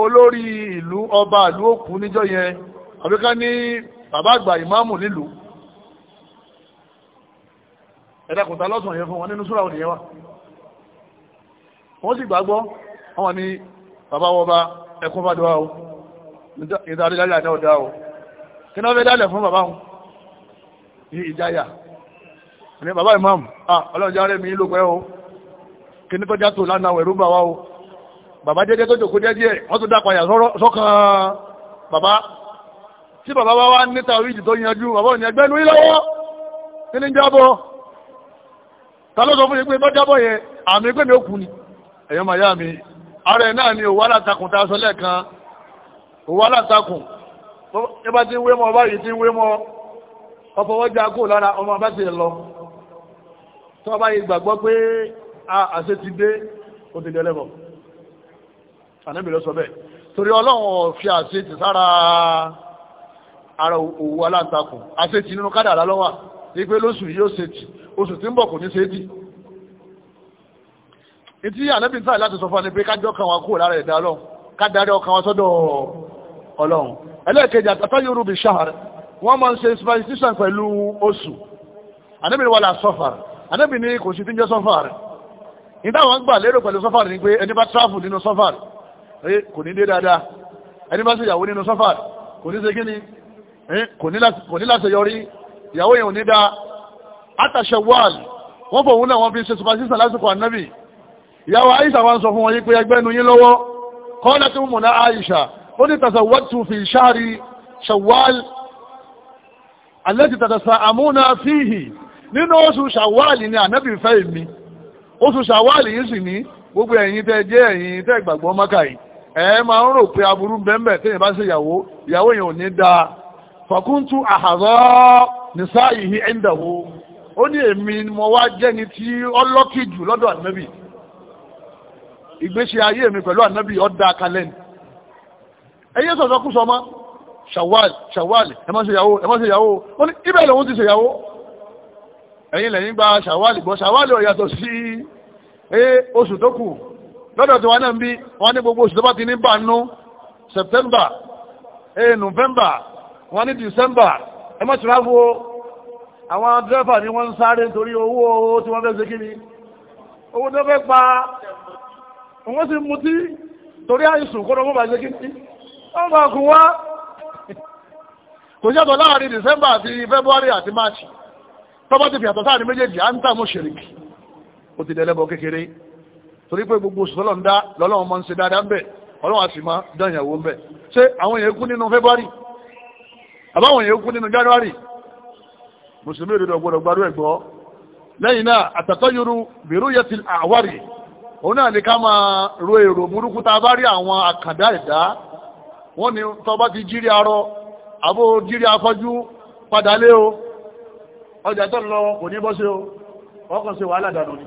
olórí ìlú ọba ìlú òkú níjọ́ yẹn àbíká ní bàbá àgbà ìmáàmù nílùú ẹ̀dàkùntà lọ́sàn yẹn fún wọn nínú súra òdìyẹn wà wọ́n sì gbàgbọ́ wọn ni bàbá wọba ẹkún bá dọ́wà o ìdá àdídájà náà dá o kí náà fẹ́ dálẹ̀ fún bàbá wọn ní ìjáyà ní bàbá ìmáàmù ah ọlọ́run járe mi ló pẹ́ o kí ní tọ́já tó lánàá ẹ̀rú bà wá bàbá dédé tó jòkó jẹ́ díẹ̀ wọ́n tó dápayà sọ́kàn bàbá tí bàbá wá wá níta oríjì tó yanjú bàbá òní ẹgbẹ́ inú ìlọ́wọ́ kí ní jábọ́ ta ló sọ fún ìpé bọ́ jábọ́ yẹn àmì pé mi ó kú ni ẹ̀yọ́ màá yá mi ara ẹ̀ náà ni òwú alátakùn tá a sọ lẹ́ẹ̀kan òwú alátakùn ẹ bá ti ń wé mọ́ ọba yìí ti ń wé mọ́ ọfọwọ́jà kò lára ọmọ bá ti lọ tó ọba yìí gbàgbọ́ pé àṣẹ ti dé ó ti dẹ́lẹ́bọ̀ọ́ ànábì ló sọ bẹ́ẹ̀ torí ọlọ́run fi àṣetì sára ara òwú aláǹtakùn àṣetì nínú kádàrá ló wà ní pé lóṣù yóò ṣetì oṣù tí ń bọ̀ kò ní ṣetì ìtí ànábì sáà láti sọ fún ni pé kájọ́ kan wa kúrò lára ẹ̀dá ọlọ́run kádàrí ọkàn wa sọ́dọ̀ ọlọ́run ẹlẹ́ẹ̀kejì àtàtà yorùbá ṣáhàrẹ̀ wọ́n máa ń ṣe superstition pẹ̀lú oṣù ànábì wà lá sọ́fàr ànábì ní kò sí tí ìdáwọn gbà lérò pẹ̀lú sọ́fàr ni pé ẹni bá tráfù nínú sọ́fàr Eh, kò ní dé dáadáa ẹni bá ṣe ìyàwó nínú sọ́fà kò ní ṣe gíní eh, kò ní láṣẹ yọrí ìyàwó yẹn ò ní dáa àtàṣẹ wáàlì wọ́n fòun náà wọ́n fi ṣe supasisa lásìkò ànábì ìyàwó Aisha wọn sọ fún wọn yí pé ẹgbẹ́ nu yín lọ́wọ́ kọ́lá tí mo ná Aisha ó ní tàṣà wọ́tù fi ṣáàrí ṣàwáàlì alẹ́tì àmúna fíhì nínú oṣù ṣàwáàlì ni ànábì fẹ́ mi oṣù ṣàwáàlì yìí sì ní gbogbo ẹ̀yin tẹ́ jẹ́ ẹ̀yin tẹ́ gbàgbọ́ mọ́kà ẹ máa ń rò pé aburú bẹ́ẹ̀bẹ́ẹ̀ tí èyàn bá ṣe ìyàwó ìyàwó èyàn ò ní dáa fàkúntù àhàrọ́ nìsá ìhí ẹ̀ńdàwó ó ní èmi mo wá jẹ́ni tí ọlọ́kì jù lọ́dọ̀ ànábì ìgbésí ayé mi pẹ̀lú ànábì ọ̀dà kalẹ́ni ẹyẹ sọ̀tọ̀ kú sọmọ ṣàwàlì ṣàwàlì ẹ má ṣe ìyàwó ẹ má ṣe ìyàwó ó ní ibẹ̀ lòun ti ṣe ìyàwó lẹ́yìn gba ṣàwàlì gbọ́ ṣàwàlì ó sí oṣù tó kù lọ́dọ̀ tí wọ́n náà ń bí wọ́n ní gbogbo oṣù bá ti ní bànú september eh november wọ́n ní december ẹ mọ́ tìráfù o àwọn dírẹ́fà ni wọ́n ń sáré nítorí owó tí wọ́n fẹ́ ṣe kíni owó tó fẹ́ pa wọ́n sì mutí torí àìsùn kó lọ́wọ́ bá ṣe kíni wọ́n bá kún wá kò yàtọ̀ láàrin december àti february àti march tọ́bọ́ ti fi àtọ̀ sáà ní méjèèjì à ń tà mọ́ ṣèrìkì ó ti dẹ̀lẹ́bọ̀ kékeré torí pé gbogbo oṣù tọ́lọ̀ ń dá lọ́lọ́run máa ń se dáadáa ń bẹ̀ ọlọ́run àti máa dán ìyàwó ń bẹ̀ ṣé àwọn èèyàn kú nínú february àbáwọn èèyàn kú nínú january mùsùlùmí òdodo ọgbọ́dọ̀ gbádùn ẹ̀gbọ́ lẹ́yìn náà àtàtọ́yọrù bìrú yẹ ti àwárí òun náà ní ká máa ro èrò burúkú tá bá rí àwọn àkàndá ẹ̀dá wọ́n ní tó bá ti jírí arọ àbó jírí afọ́jú padà lé o ọjà tó lọ kò ní bọ́ sí o ọkàn ṣe wàhálà dànù ni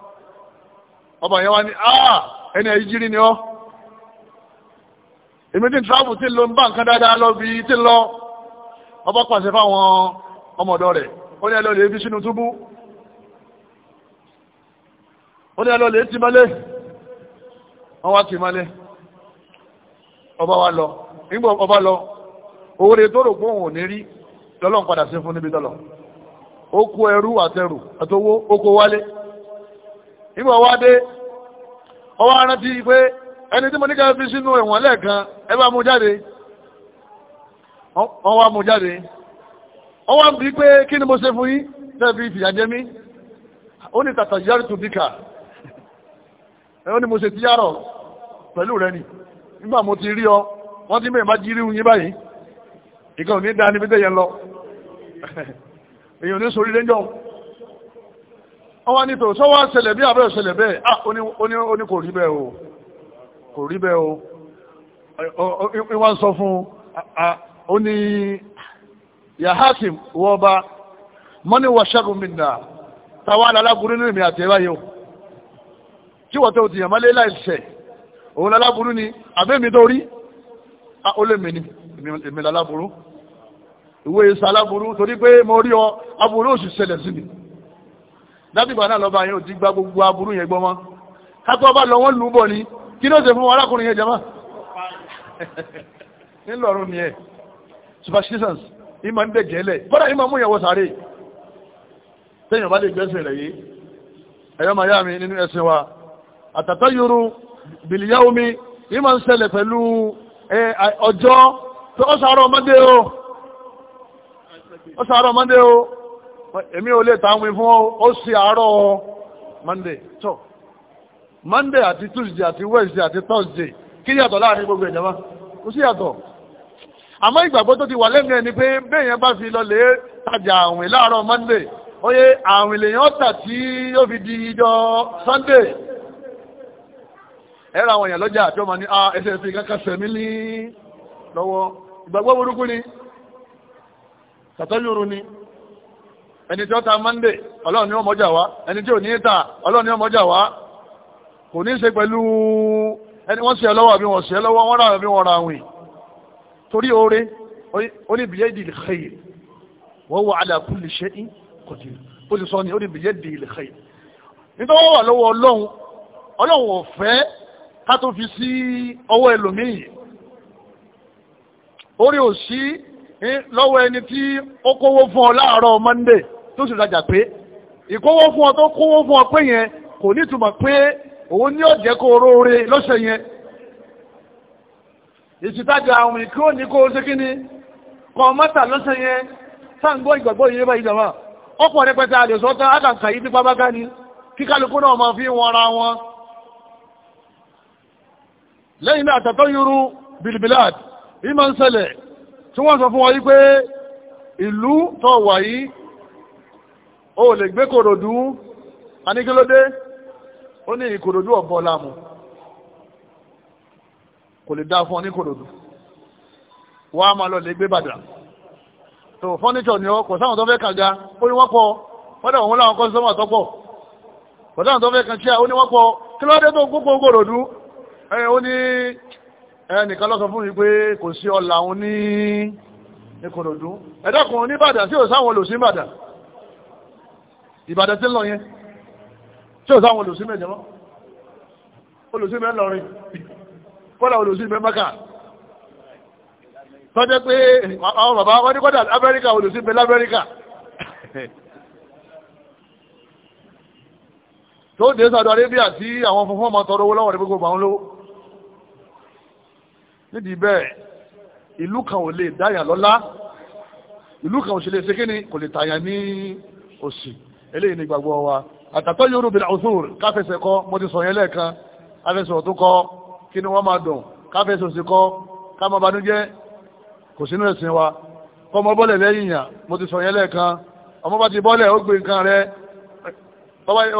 ọba yẹn wá ní ah ẹni ẹ̀yí jírí ni ọ́ èmi tí ń travel tí ń lo bá nǹkan dáadáa lọ bí tí ń lọ ọba pàṣẹ fáwọn ọmọdọ rẹ̀ ó ní ẹlọ́lẹ̀ ibi sínú túbú ó ní ẹlọ́lẹ̀ tí mọ́lé wọ́n wá tí mọ́lé ọba wa lọ nígbà ọba lọ owó rẹ̀ tó rò pé òun ò ní rí lọ́lọ́n padà sí fún níbi tọ́lọ̀ ó kó ẹrú àtẹrù àtowó ó kó wálé nígbà wá dé ọwọ́ arántí pé ẹni tí mo ní sínú ẹ̀wọ̀n lẹ́ẹ̀kan mú jáde mú jáde pé kí ni mo ṣe fún yín tẹ́ẹ̀fì ìfìyà jẹ ó ní tàtà yàrá tó bíkà ó ní mo ṣe ti yàrá pẹ̀lú rẹ ni nígbà mo ti rí ọ wọ́n ti mẹ́rin bá báyìí ìkan ò ní níbi tẹ́yẹ lọ èèyàn ní lẹ́jọ́ ọwọ́ ní tòun sọ́wọ́ ṣẹlẹ̀ bí àbẹ́ òṣẹlẹ̀ bẹ́ẹ̀ ah ó ní kò rí bẹ́ẹ̀ o kò rí bẹ́ẹ̀ o ìwọ́n sọ fún ó ní yahakim wọ́ọ̀ba mọ́ni wàṣẹ́gun minna táwa aláburú nínú mi àti ẹ̀rọ yìí o tí wọ́n tó tìyàn mọ́lé láìsẹ̀ òun aláburú ni àbẹ́mi tó rí ó lè mẹ́ni èmi aláburú ìwé ìsà aláburú torí pé mo rí ọ aburú òṣìṣẹ́lẹ̀ sí mi. dátìgbà náà lọ́ba yẹn ò ti gba gbogbo aburú yẹn gbọ́mọ́ kátó ọba lọ wọ́n lù ú bọ̀ ni kí fún arákùnrin yẹn jama ni superstitions ń mú tẹ́yìn lè gbẹ́sẹ̀ rẹ̀ yìí ẹ̀yọ́ yá mi nínú ẹ̀sìn wa àtàtọ́ yoru bìlìyà omi ìmọ̀ ń ṣẹlẹ̀ pẹ̀lú ọjọ́ tó o èmi ò lè tàwìn fún ó sì àárọ̀ monday tó monday àti tuesday àti wednesday àti thursday kí yàtọ̀ láàrin gbogbo ìjọba kò sí yàtọ̀ àmọ́ ìgbàgbọ́ tó ti wà lẹ́nu ẹni pé bẹ́ẹ̀yẹn bá fi lọ lè tajà àwìn láàárọ̀ monday oye àwìn lèyàn tà tí yóò fi di ìjọ sunday ẹ̀rọ àwọn èèyàn lọ́jà àti ọmọ ní ah, ẹsẹ̀ fi kankan sẹ̀mí ní lọ́wọ́ ìgbàgbọ́ burúkú ni tàtọ́jú ni ẹni tí ó ta monday ọlọ́run ni ó mọ́jà wá ẹni tí ò ní ta ọlọ́run ni ó mọ́jà wá kò ní í ṣe pẹ̀lú ẹni wọ́n ṣe lọ́wọ́ àbí wọ́n ṣe lọ́wọ́ wọ́n rà àbí wọ́n ra àwìn torí oore ó ní biyadil khair wa huwa ala kulli shay'in qadir ó ti sọ ni ó ní biyadil khair nítorí wọ́n wà lọ́wọ́ ọlọ́run ọlọ́run ò fẹ́ ká tó fi sí ọwọ́ ẹlòmíì orí ò sí lọ́wọ́ ẹni tí ó kówó fún ọ láàárọ̀ monday tó sì rajà pé ìkówó fún ọ tó kówó fún ọ yẹn kò ní ìtumọ̀ pé òun ní ọ̀jẹ́ kó róore lọ́sẹ̀ yẹn àwọn ìkó ní kó ṣe kí ni kọ mọ́ta lọ́sẹ̀ yẹn sáǹgbọ́ ìgbàgbọ́ ìyẹ́ bá ìjọba rẹpẹtẹ àkàkà yìí bá gáni kí kálukú náà máa fi wọn ra wọn lẹ́yìn náà yúrú ìmọ̀ ń tí wọ́n sọ fún pé ìlú wà yìí ó lè gbé kòròdú aníkílódé ó ní ìkòròdú ọ̀bọ̀ lámù kò lè dá fún ọ ní kòròdú wọ́n á máa lọ lè gbé bàdà tó fọ́nìṣọ̀ ni ọ kò sáwọn tó fẹ́ kàga ó ní wọ́n pọ̀ wọ́n dẹ̀ wọ́n láwọn kọ́ sọ́mọ̀ tọ́pọ̀ kò sáwọn tó fẹ́ kàn ṣíà ó ní wọ́n pọ̀ kí ló dé tó gbogbo kòròdú ẹ̀ ó ní ẹnìkan lọ́sọ fún mi pé kò sí ọ̀là òun ní kòròdú ẹ̀dá ní bàdà sí ò sáwọn olùsí bàdà ìbàdàn tí ń lọ yẹn tí ò sáwọn olùsímẹ̀ jẹ́ mọ́ olùsímẹ̀ lọrin kọ́dà olùsímẹ̀ mẹ́kà tọ́jẹ́ pé àwọn bàbá wọ́n ní kọ́dà amẹ́ríkà olùsímẹ̀ lamẹ́ríkà tó dé sàdọ̀ arábíà tí àwọn funfun ọmọ tọrọ owó lọ́wọ́ rẹ̀ gbogbo àwọn lówó nídìí bẹ́ẹ̀ ìlú kan ò lè dáyà lọ́lá ìlú kan ò sì lè ṣe kíni kò lè tàyà ní òsì eléyìí ni gbàgbọ́ wa àtàtọ́ yorù bìlà òṣùr káfẹsẹ̀ kọ́ mo ti sọ lẹ́ẹ̀kan káfẹsẹ̀ ọ̀tún kọ́ kí ni wọ́n máa dùn òsì kọ́ ká kò sínú wa kọ́ bọ́lẹ̀ mo ti sọ yẹn lẹ́ẹ̀kan ọmọ bá ti bọ́lẹ̀ ó gbé nǹkan rẹ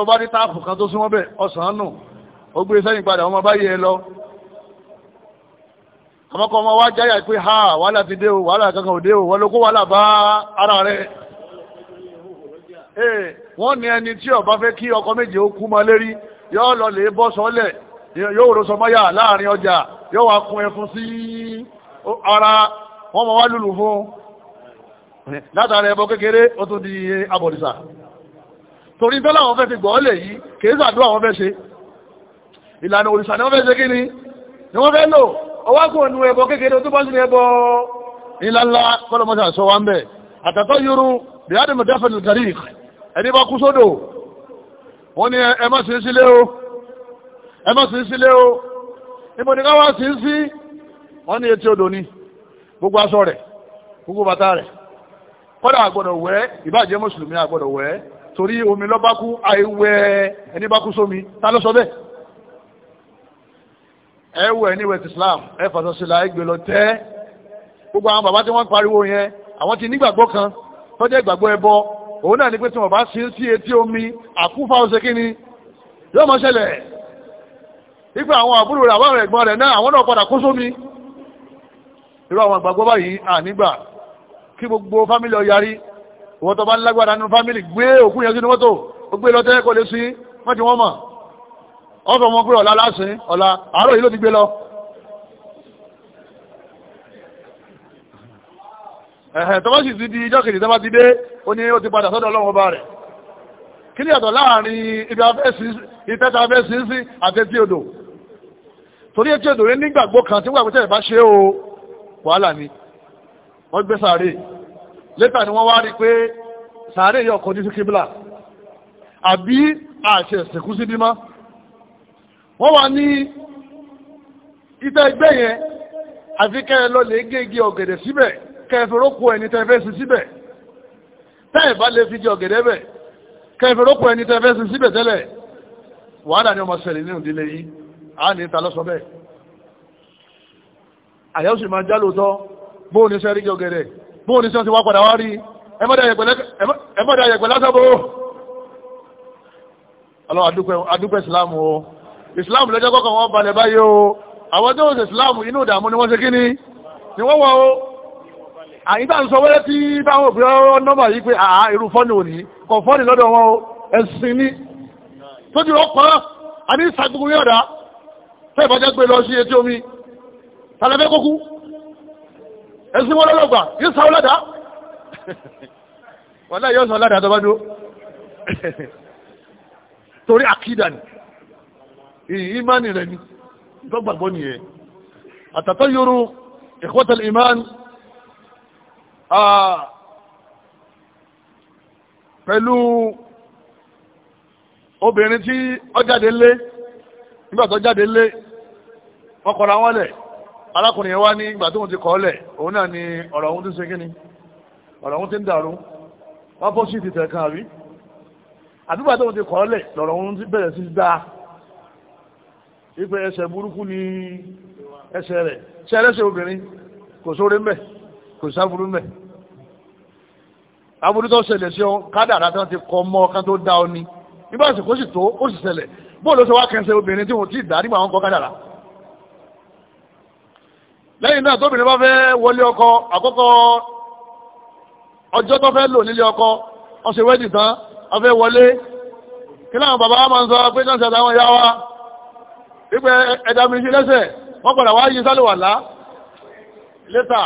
ọba ní táàpù kan tó súnmọ́ bẹ̀ ọ̀sán nù ó gbé sẹ́yìn padà wa jáyà pé ha wàhálà ti dé o wàhálà kankan ò dé o wọ́n ló kó wàhálà ara rẹ̀ Eh, wọ́n ní ẹni tí ó bá fẹ́ kí ọkọ méje ó kú mọ́ lérí yóò lọ lè bọ́ sọ́lẹ̀ yóò rò sọmọ́yà láàrin ọjà yóò wá kun ẹfun sí ara wọ́n mọ̀ wá lùlù fún látàrí ẹbọ kékeré ó tún di abọ̀dìsà torí tó láwọn fẹ́ fi gbọ́ lè yìí kìí sàdúrà wọn fẹ́ ṣe ìlànà òrìṣà ni wọ́n fẹ́ ṣe kí ni ni wọ́n fẹ́ lò ọwá kò nu ẹbọ kékeré tó bá sí ẹbọ ńláńlá kọ́lọ́mọ́sà sọ wá ń bẹ̀ àtàtọ́ yorùn bí ẹni bá kú sódò wọ́n ní ẹ má sí sílé o ẹ má sí sílé o níbo ni ká wá sí sí wọ́n ní etí odò ni gbogbo aṣọ rẹ̀ gbogbo bàtà rẹ̀ kọ́dà àgbọ̀dọ̀ wẹ̀ ìbàjẹ́ mùsùlùmí àgbọ̀dọ̀ wẹ̀ torí omi lọ́bákú àìwẹ̀ ẹni bá kú sómi ta ló sọ bẹ́ẹ̀ ẹ wẹ̀ níwẹ̀ ti Islam ẹ fàṣọ sílá ẹ gbé lọ tẹ́ gbogbo àwọn bàbá tí wọ́n pariwo yẹn àwọn ti nígbàgbọ́ kan tọ́jẹ́ ìgbàgbọ́ ẹbọ òun náà ni pé tí wọ́n bá sí sí etí omi àkúfà ó ṣe kí ni yóò mọ́ ṣẹlẹ̀ ipò àwọn àbúrò rẹ̀ àwọn ẹ̀gbọ́n rẹ̀ náà àwọn náà padà kó sómi irú àwọn àgbàgbọ́ báyìí ànígbà kí gbogbo fámílì ọ̀yarí ìwọ́n tó bá lágbára nínú fámílì gbé òkú yẹn sínú mọ́tò ó gbé lọ tẹ́kọ̀ọ́ lé sí wọ́n wọ́n mọ̀ ọ́ fọ́ pé ọ̀la lásìn ọ̀la àárọ̀ yìí ló ti gbé lọ ẹ̀hẹ̀ tọ́wọ́ sì ti di ijọ́ kejì tọ́wọ́ ti dé ó ní ó ti padà sọ́dọ̀ ọlọ́run ọba rẹ̀ kí ni yàtọ̀ láàrin ibi ìtẹ́ta abẹ́ sí sí àti etí odò torí etí odò rẹ̀ nígbàgbọ́ kan tí wọ́n àgbẹ̀tẹ̀ bá ṣe o wàhálà ni wọ́n gbé sàárè lẹ́tà ni wọ́n wá rí pé sàárè yọ ọkọ̀ ní síkíbìlà àbí àṣẹ ìsìnkú sí bímá wọ́n wà ní ìtẹ́ ẹgbẹ́ yẹn àfikẹ́ lọ lè gé igi ọ̀gẹ̀dẹ̀ síbẹ̀ kẹfẹ́rókù ẹni tẹ́fẹ́ sí síbẹ̀ tẹ́ẹ̀ bá lè fi jẹ ọ̀gẹ̀dẹ̀ bẹ̀ kẹfẹ́rókù ẹni tẹ́fẹ́ sí síbẹ̀ tẹ́lẹ̀ wàhálà ni ọmọ sẹ̀lẹ̀ nínú ìdílé yìí a ní ta lọ́sọ bẹ́ẹ̀ àyẹ́wò sì máa jálò tọ́ bóò ní sẹ́rí jẹ ọ̀gẹ̀dẹ̀ bóò ní sẹ́rí wá padà wá rí ẹmọ́dà yẹ̀pẹ̀ lásàbò ọlọ́ adúpẹ́ ìsìláàmù o ìsìláàmù lọ́jọ́ kọ́kọ́ wọn balẹ̀ báyìí o àwọn tó ni wọ́n wọ́ àyíká ń sọ wẹ́rẹ́ tí táwọn òbí ọ̀rọ̀ nọ́mà yìí pé àà irú fọ́nì òní kọ̀ fọ́nì lọ́dọ̀ wọn o ẹ̀sìn ní tó ti rọ́pọ̀ a ní ìsàgbogbo ní ọ̀dá tẹ́ ìbájẹ́ pé lọ sí etí omi tàlẹ́fẹ́ kókú ẹ̀sìn wọn lọ́lọ́gbà yóò sá ọlọ́dà wọn náà pẹ̀lú obìnrin tí ó jáde lé nígbà tó jáde lé wọ́n kọra wọ́n lẹ̀ alákùnrin yẹn wá ní ìgbà tóun ti kọ́ lẹ̀ òun náà ni ọ̀rọ̀ òun ti ṣe kí ni ọ̀rọ̀ òun ti ń dàrú wọ́n fọ́ sí ti tẹ̀ kan àbí àdúgbà tóun ti kọ́ lẹ̀ lọ̀rọ̀ òun ti bẹ̀rẹ̀ sí dáa wípé ẹsẹ̀ burúkú ni ẹsẹ̀ rẹ̀ ṣe obìnrin kò sóore ń kò sáfúrú mẹ́ aburú tó ṣẹlẹ̀ sí ọ kádàrá tó ti kọ mọ́ ọkàn tó dá ọ ní nígbà tí kò sì tó ó sì ṣẹlẹ̀ bóò ló ṣe wá kẹsẹ̀ obìnrin tí wọ́n ti dà nígbà wọn kọ kádàrá lẹ́yìn náà tóbìnrin bá fẹ́ wọlé ọkọ àkọ́kọ́ ọjọ́ tó fẹ́ lò nílé ọkọ wọ́n ṣe tán wọ́n fẹ́ wọlé kí láwọn bàbá wa máa ń sọ pé náà ṣe àtàwọn ìyá wa wípé ẹ̀dá mi sí lẹ́sẹ̀ wọ́n padà wá yí sálùwàlá lẹ́tà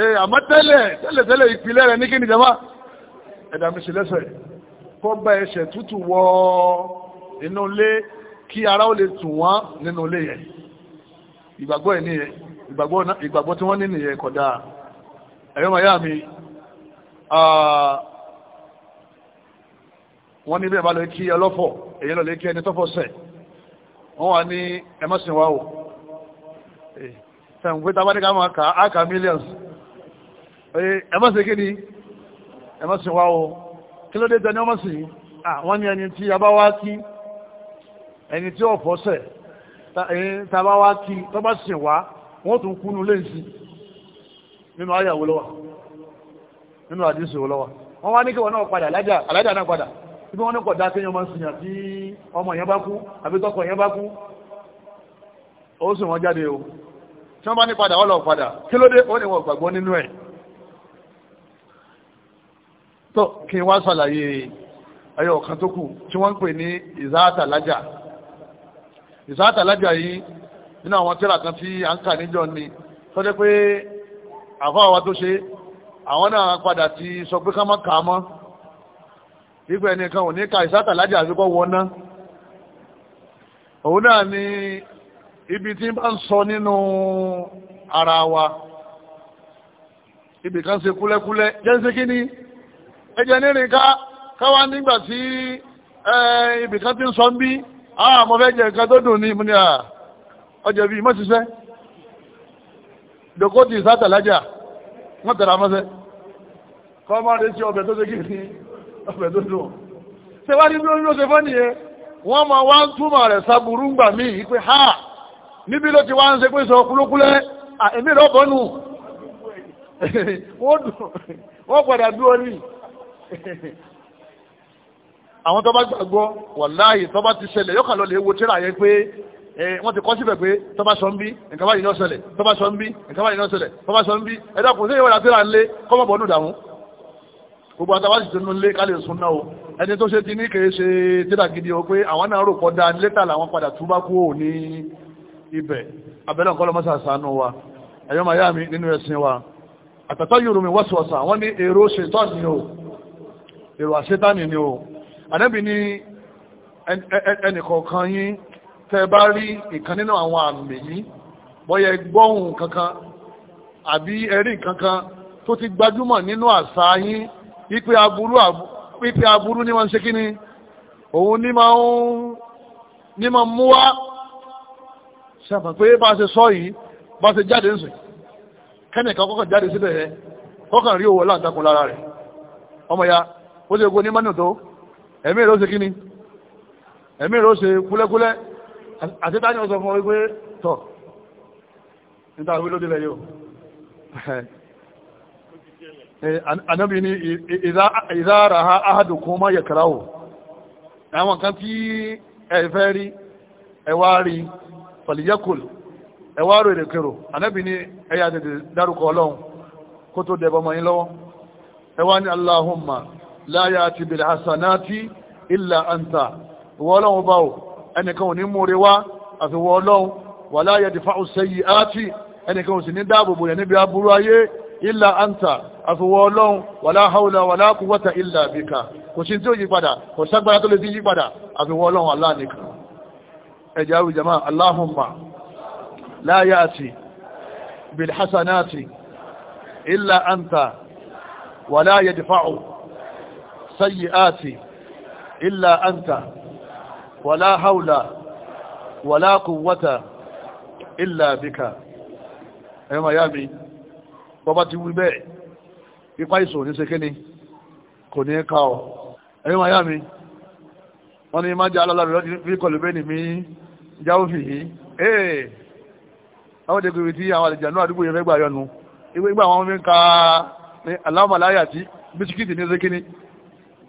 ee àmọ́ tẹ́lẹ̀ tẹ́lẹ̀ tẹ́lẹ̀ ìpìlẹ̀ rẹ̀ ní kíni jama ẹ̀dà mi sì lẹ́sẹ̀ kó gba ẹsẹ̀ tútù wọ inú ilé kí ara ó lè tù wọ́n nínú ilé yẹn ìgbàgbọ́ ẹ̀ nìyẹn ìgbàgbọ́ tí wọ́n ní nìyẹn kódà ẹ̀yọ́ màá yá mi wọ́n ní bí ẹ̀bá lè kí ọlọ́fọ̀ èyí lọ lè kí ẹni tọ́fọ̀ sẹ̀ wọ́n wà ní ẹmọ́sìn wa o fẹ̀mùgbé tábánikà máa kà á kà mílíọ̀nù ẹ má ṣe kí ni ẹ má sìn wá o kí ló dé tẹ ní ọmọ sìn wọ́n ní ẹni tí a bá wá kí ẹni tí ó fọ́sẹ̀ tá a bá wá kí tó bá sìn wá wọ́n tún kúnnú léǹsì nínú ayàwó lọ́wọ́ nínú àdísì olówà wọ́n wá ní kí wọ́n náà padà alájà náà padà ibi wọ́n ní kọ̀ dá kéyàn ó sì wọ́n jáde o tí wọ́n bá ní padà ọlọ́ padà kí ló dé ó ní wọ́n gbàgbọ́ nínú ẹ̀ tó kí wá sàlàyé ayọ̀ ọ̀kan tó kù tí wọ́n ń pè ní ìzáàtàlájà ìzáàtàlájà yìí nínú àwọn tíra kan tí a ń kà níjọ ni tó jẹ́ pé àfáàwà tó ṣe àwọn náà padà ti sọ pé ká má kà á mọ́ ìgbà ẹnìkan ò ní ka ìsáàtàlájà àfikọ́ wọná òun náà ni ibi tí bá ń sọ nínú ara wa ibì kan ṣe kúlẹ́kúlẹ́ jẹ́ ń ṣe kí ni ẹjẹ nírin ká káwá nígbà tí ibìkan ti ń sọ ń bí àwọn ọmọ fẹ́ jẹ nǹkan tó dùn ní ìmúni à ọjọ́ bíi mọ́ ṣiṣẹ́ dòkó ti sátàlájà wọ́n tẹ̀ra mọ́ṣẹ́ kọ́ máa retí ọbẹ̀ tó ṣe ní ọbẹ̀ tó dùn ṣe wá ní bí ó ṣe fọ́ nìyẹn wọ́n máa wá ń túmọ̀ rẹ̀ sábúrú ńgbà míì pé ha níbi ló ti wá ń ṣe pé sọ kúlókúlẹ́ èmi rọ̀ bọ́nù wọ́n padà dúró nìyí àwọn tó bá gbàgbọ́ wàláhì tó bá ti ṣẹlẹ̀ yóò kà lọ lè wo tíra yẹn pé wọ́n ti kọ́ síbẹ̀ pé tó bá sọ ń bí nǹkan báyìí náà ṣẹlẹ̀ tó bá sọ ń bí nǹkan báyìí náà ṣẹlẹ̀ tó bá sọ ń bí ẹ̀dá kò sí ìwé ìlà tíra ńlé kọ́ mọ̀ bọ́nú ìdààmú gbogbo àtàwọn sì ti nú lé kálẹ̀ sún náà o ẹni tó ṣe ti ní kèé ṣe tíra gidi o pé àwọn náà rò kọ́ da létà làwọn padà túbá kú ò ní ibẹ̀ abẹ́lẹ̀ nǹkan lọ́mọ́sà sànú wa ẹ̀yọ́ màyá mi nínú ẹ̀sìn wa àtàtọ́ yorùmí wọ́sọ̀ọ̀sà wọ́n ní èrò ṣètọ́ ni o èrò àṣetánì ni o ànábì ní ẹnìkọ̀ọ̀kan yín tẹ́ bá rí ìkan nínú àwọn àmì yìí bọ́yẹ gbọ́hùn kankan àbí ẹ̀rí kankan tó ti gbajúmọ̀ nínú àṣà yín wípé aburú ní wọ́n ṣe kí ni òun ní máa ń ní máa mú wá ṣàfà pé bá ṣe sọ yìí bá ṣe jáde ń sìn kẹ́nìkan kọ́kàn jáde síbẹ̀ kọ́kàn rí owó lára rẹ̀ ọmọ ya ó ṣe gbogbo onímọ̀nù tó ẹ̀mí rẹ̀ ó ṣe kíni ẹ̀mí rẹ̀ ó ṣe kúlẹ́kúlẹ́ àti táyà ó fún wípé tọ̀ níta eh, àwọn olóde lẹ yóò anábì ní ìzára ha ní ẹyà dẹ̀dẹ̀ dárúkọ ọlọ́run kó tó láyà àti bìlẹ̀ àsànáàtì ìlà àǹtà ìwọ ọlọ́run bá o ẹnìkan ò ní múre wá àfi wọ ọlọ́run wà láyà dìfà òsèyí àti ẹnìkan ò sì ní dáàbòbò yẹn níbi aburú ayé ìlà àǹtà àfi wọ ọlọ́run wà láhàúlà wà láàkúwọ́ta ìlà bìkà kò àti bìlẹ̀ ìlà àǹtà wà láyà dìfà السيئات إلا أنت ولا حول ولا قوة إلا بك ẹ̀mà yá mi bọ́bá ti wí bẹ́ẹ̀ ipá ìsò ní sekíní kò ní ká ọ ẹ̀mà yá mi wọ́n ni máa jẹ́ alálàrẹ̀ ríkọlù bẹ́ẹ̀ ni mi jáwó fi yìí ee àwọn jẹ́gbẹ̀rẹ̀ tí àwọn àlejànú àdúgbò yẹn fẹ́ gbà yọnu ìgbà àwọn ọmọ mi ń ka aláwọ̀ màláyà tí bisikíìtì ní sekíní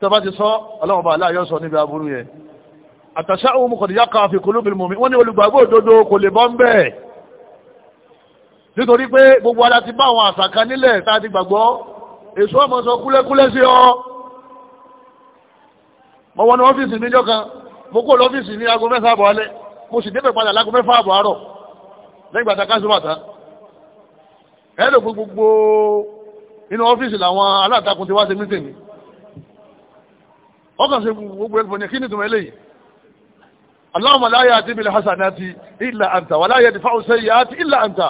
tọba ti sọ ọlọ́wọ́ bá aláyọ́ sọ níbi aburú yẹn àtàṣà òun kò níyà kan fi kulubil mu'min wọ́n ní olùgbàgbọ́ òdodo kò lè bọ́ ń bẹ̀ nítorí pé gbogbo ara ti bá àwọn àṣà kan nílẹ̀ tá a ti gbàgbọ́ èso ọmọ sọ kúlẹ́kúlẹ́ sí ọ mo wọnú ọ́fíìsì mi jọ kan mo kó lọ́fíìsì ní aago mẹ́fà àbọ̀ alẹ́ mo sì débẹ̀ padà láago mẹ́fà àbọ̀ àárọ̀ lẹ́yìn gbàtà káṣíwà tán ẹ lò gbogbo inú ọ́fíìsì làwọn alátakùn ti wá sí mítìmí ọkàn ṣe gbogbo ẹ̀fọ́ ní kí ni tuma eléyìí Allahumma la ya'ti bil hasanati illa anta wa la yadfa'u sayyi'ati illa anta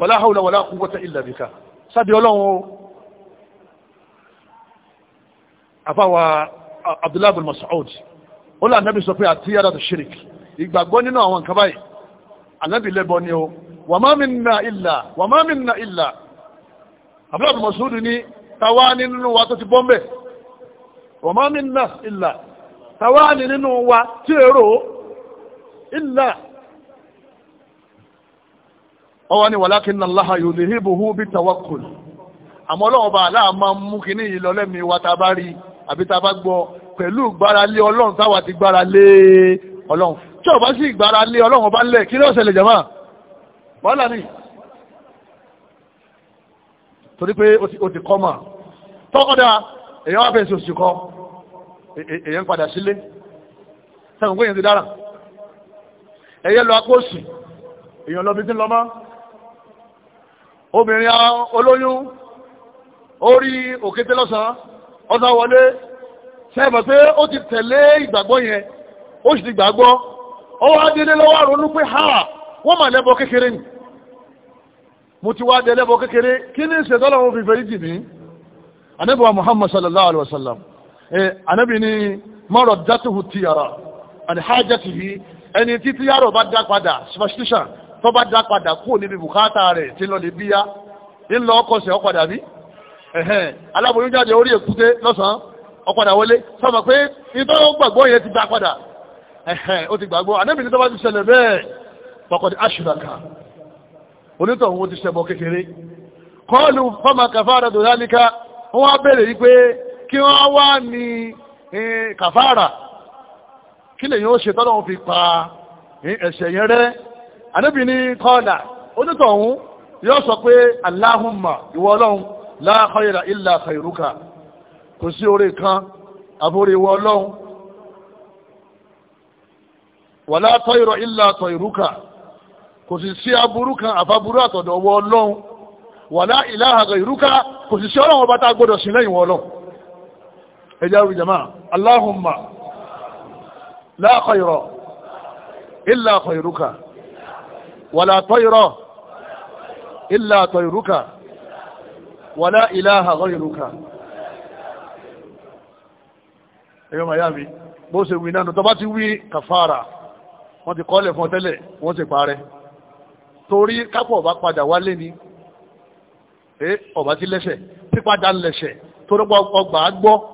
wa la hawla wa la quwwata illa bika sábì ọlọ́run o àfàwà Abdullahi bin Mas'ud ó lọ ànábì sọ pé àti yàrá tó ṣirik ìgbàgbọ́ nínú àwọn nǹkan báyìí ànábì lẹ́bọ ni o wa ma nínú wa tó ti bọ́m̀bẹ̀ وما máa mi nà ìlà tàwa ni nínú wa tí èrò ìlà ọwọ́ ni walakin Allaha yudhibuhu bitawakkul àmọ́ ọlọ́run bá aláà máa mú kíní yìí lọ lẹ́mí wa tá a bá rí àbí tá a bá gbọ́ pẹ̀lú ìgbára lé ọlọ́run táwa ti gbára lé ọlọ́run tí ọba sí ìgbára lé ọlọ́run bá lẹ̀ kí ló ṣẹlẹ̀ jàmáà wàhálà ni torí pé o ti kọ́ mà tọ́kọ́dá èèyàn wá fẹ́ sòsì èyàn padà sílé sẹ́gun pé èyàn ti dára ẹ̀yẹ lọ akóòsì èyàn lọ bí tí ń lọ mọ́ obìnrin olóyún ó rí òkété lọ́sàn-án ọ̀sán wọlé pé ó ti tẹ̀lé ìgbàgbọ́ yẹn ó sì ti ó wá délé lọ́wọ́ pé ha wọ́n mà lẹ́bọ kékeré ni mo ti wá lẹ́bọ kékeré kí ànábì ní mọ́rọ̀ dátòhù ti yàrá àdìhájẹ́tì yìí ẹni tí yàrá bá dá padà superstition tó bá dá padà kúrò níbi bùkátà rẹ̀ tí lọ lè bíyá ńlọ ọkọ̀ sí ọ̀padà bí aláboyún jáde orí èkúté lọ́sàn-án ọ̀padà wọlé sọ́mọ̀ pé ìtọ́ gbàgbọ́ yẹn ti dá padà ó ti gbàgbọ́ ànábì tó bá ti ṣẹlẹ̀ bẹ́ẹ̀ fọkọ̀dé onítọ̀hún ti ṣẹbọ kékeré kí wọ́n wá ní kàfàrà kí lèyìn ó ṣe tọ́lọ́run fi pa ẹ̀ṣẹ̀ yẹn rẹ́ ànábì ní kọ́ọ̀là onítọ̀hún yóò sọ pé aláhùnmà ìwọ ọlọ́run la khayra illa khayruka kò sí orí kan àbúrò ìwọ ọlọ́run wàlá tọ́ìrọ̀ illa tọ́ìrúkà kò sì sí aburú kan àfàburú àtọ̀dọ̀ ẹjá wí jama Allahumma la khayra illa khayruka wala tayra illa tayruka wala ilaha ghayruka ẹ̀yọ́ miami bó ṣe wí náà tọba ti wí kàfàrà wọ́n ti kọ́lẹ̀ fún tẹ́lẹ̀ wọ́n ti parẹ́ torí kápọ̀ ọba padà wálé ni ọba ti lẹ́sẹ̀ pípadà lẹ́sẹ̀ torí ọgbà gbọ́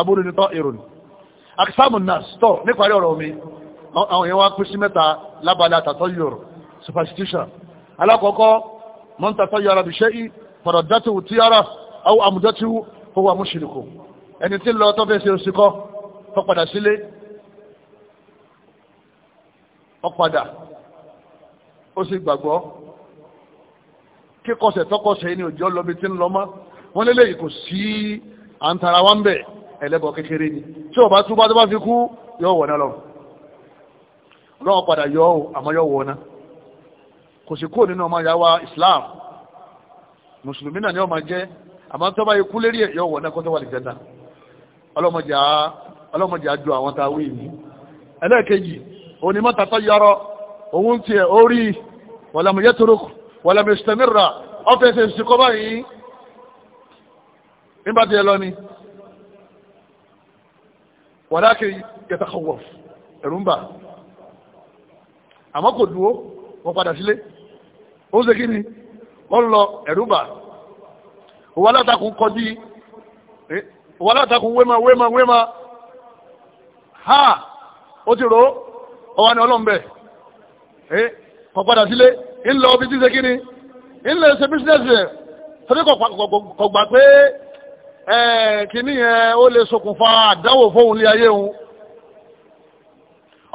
aburú ni tọ́ ìrùn akisamu nas tọ́ níparí ọ̀rọ̀ mi àwọn èèyàn wá pín sí mẹ́ta lábala tàtọ́ yòrò superstition alákọ̀ọ́kọ́ man tatayyara bi shay'in faraddathu tiyara aw amdathu huwa mushriku ẹni tí lọ tó fẹ́ ṣe òsìkọ́ tó padà sílé ọ̀padà ó sì gbàgbọ́ kíkọsẹ̀ tọkọsẹ̀ ní òjò lọ́bi tí ń lọ mọ́ wọ́n lélẹ́yìí kò sí àǹtara wa ń bẹ̀ẹ́ ẹlẹ́bọ̀ kékeré ni tí ó bá túbá tó bá fi kú yóò wọ̀ná lọ ọlọ́wọ́ padà yọ ọ́ àmọ́ yóò wọ̀ná kò sì kúrò nínú ọmọ ìyáwá Islam mùsùlùmí náà ni ọmọ jẹ́ àmọ́ tó bá ikú lérí ẹ̀ yóò wọ̀ná kó tó wà lìjẹ́dà ọlọ́mọdé àjọ àwọn tá a wí yìí ẹlẹ́ẹ̀kejì òní mọ́ta tó yọrọ òun tiẹ̀ orí wàlàmùyẹ́tòrò wàlàmùsítẹ́mìrà ọ́fẹ́sẹ̀ ìsìnkọ́ báyìí nígbà tí wàláàkiri yẹta kọwọ́ ẹ̀rù ń bà àmọ́ kò dúró wọ́n padà sílé ó ń ṣe kí ni ó ń lọ ẹ̀rù bà wọ́n látàkùn kọjú wọ́n látàkùn wéma wéma wéma ha ó ti rò ó wà ní ọlọ́m̀bẹ̀ ẹ̀ kọ̀ padà sílé ń lọ bí ti ṣe kí ni ń lọ ṣe bísínẹ́sì rẹ̀ torí kọ̀ gbà pé kìíní yẹn ó lè ṣokùnfà àdáwò fóun lé ayé òun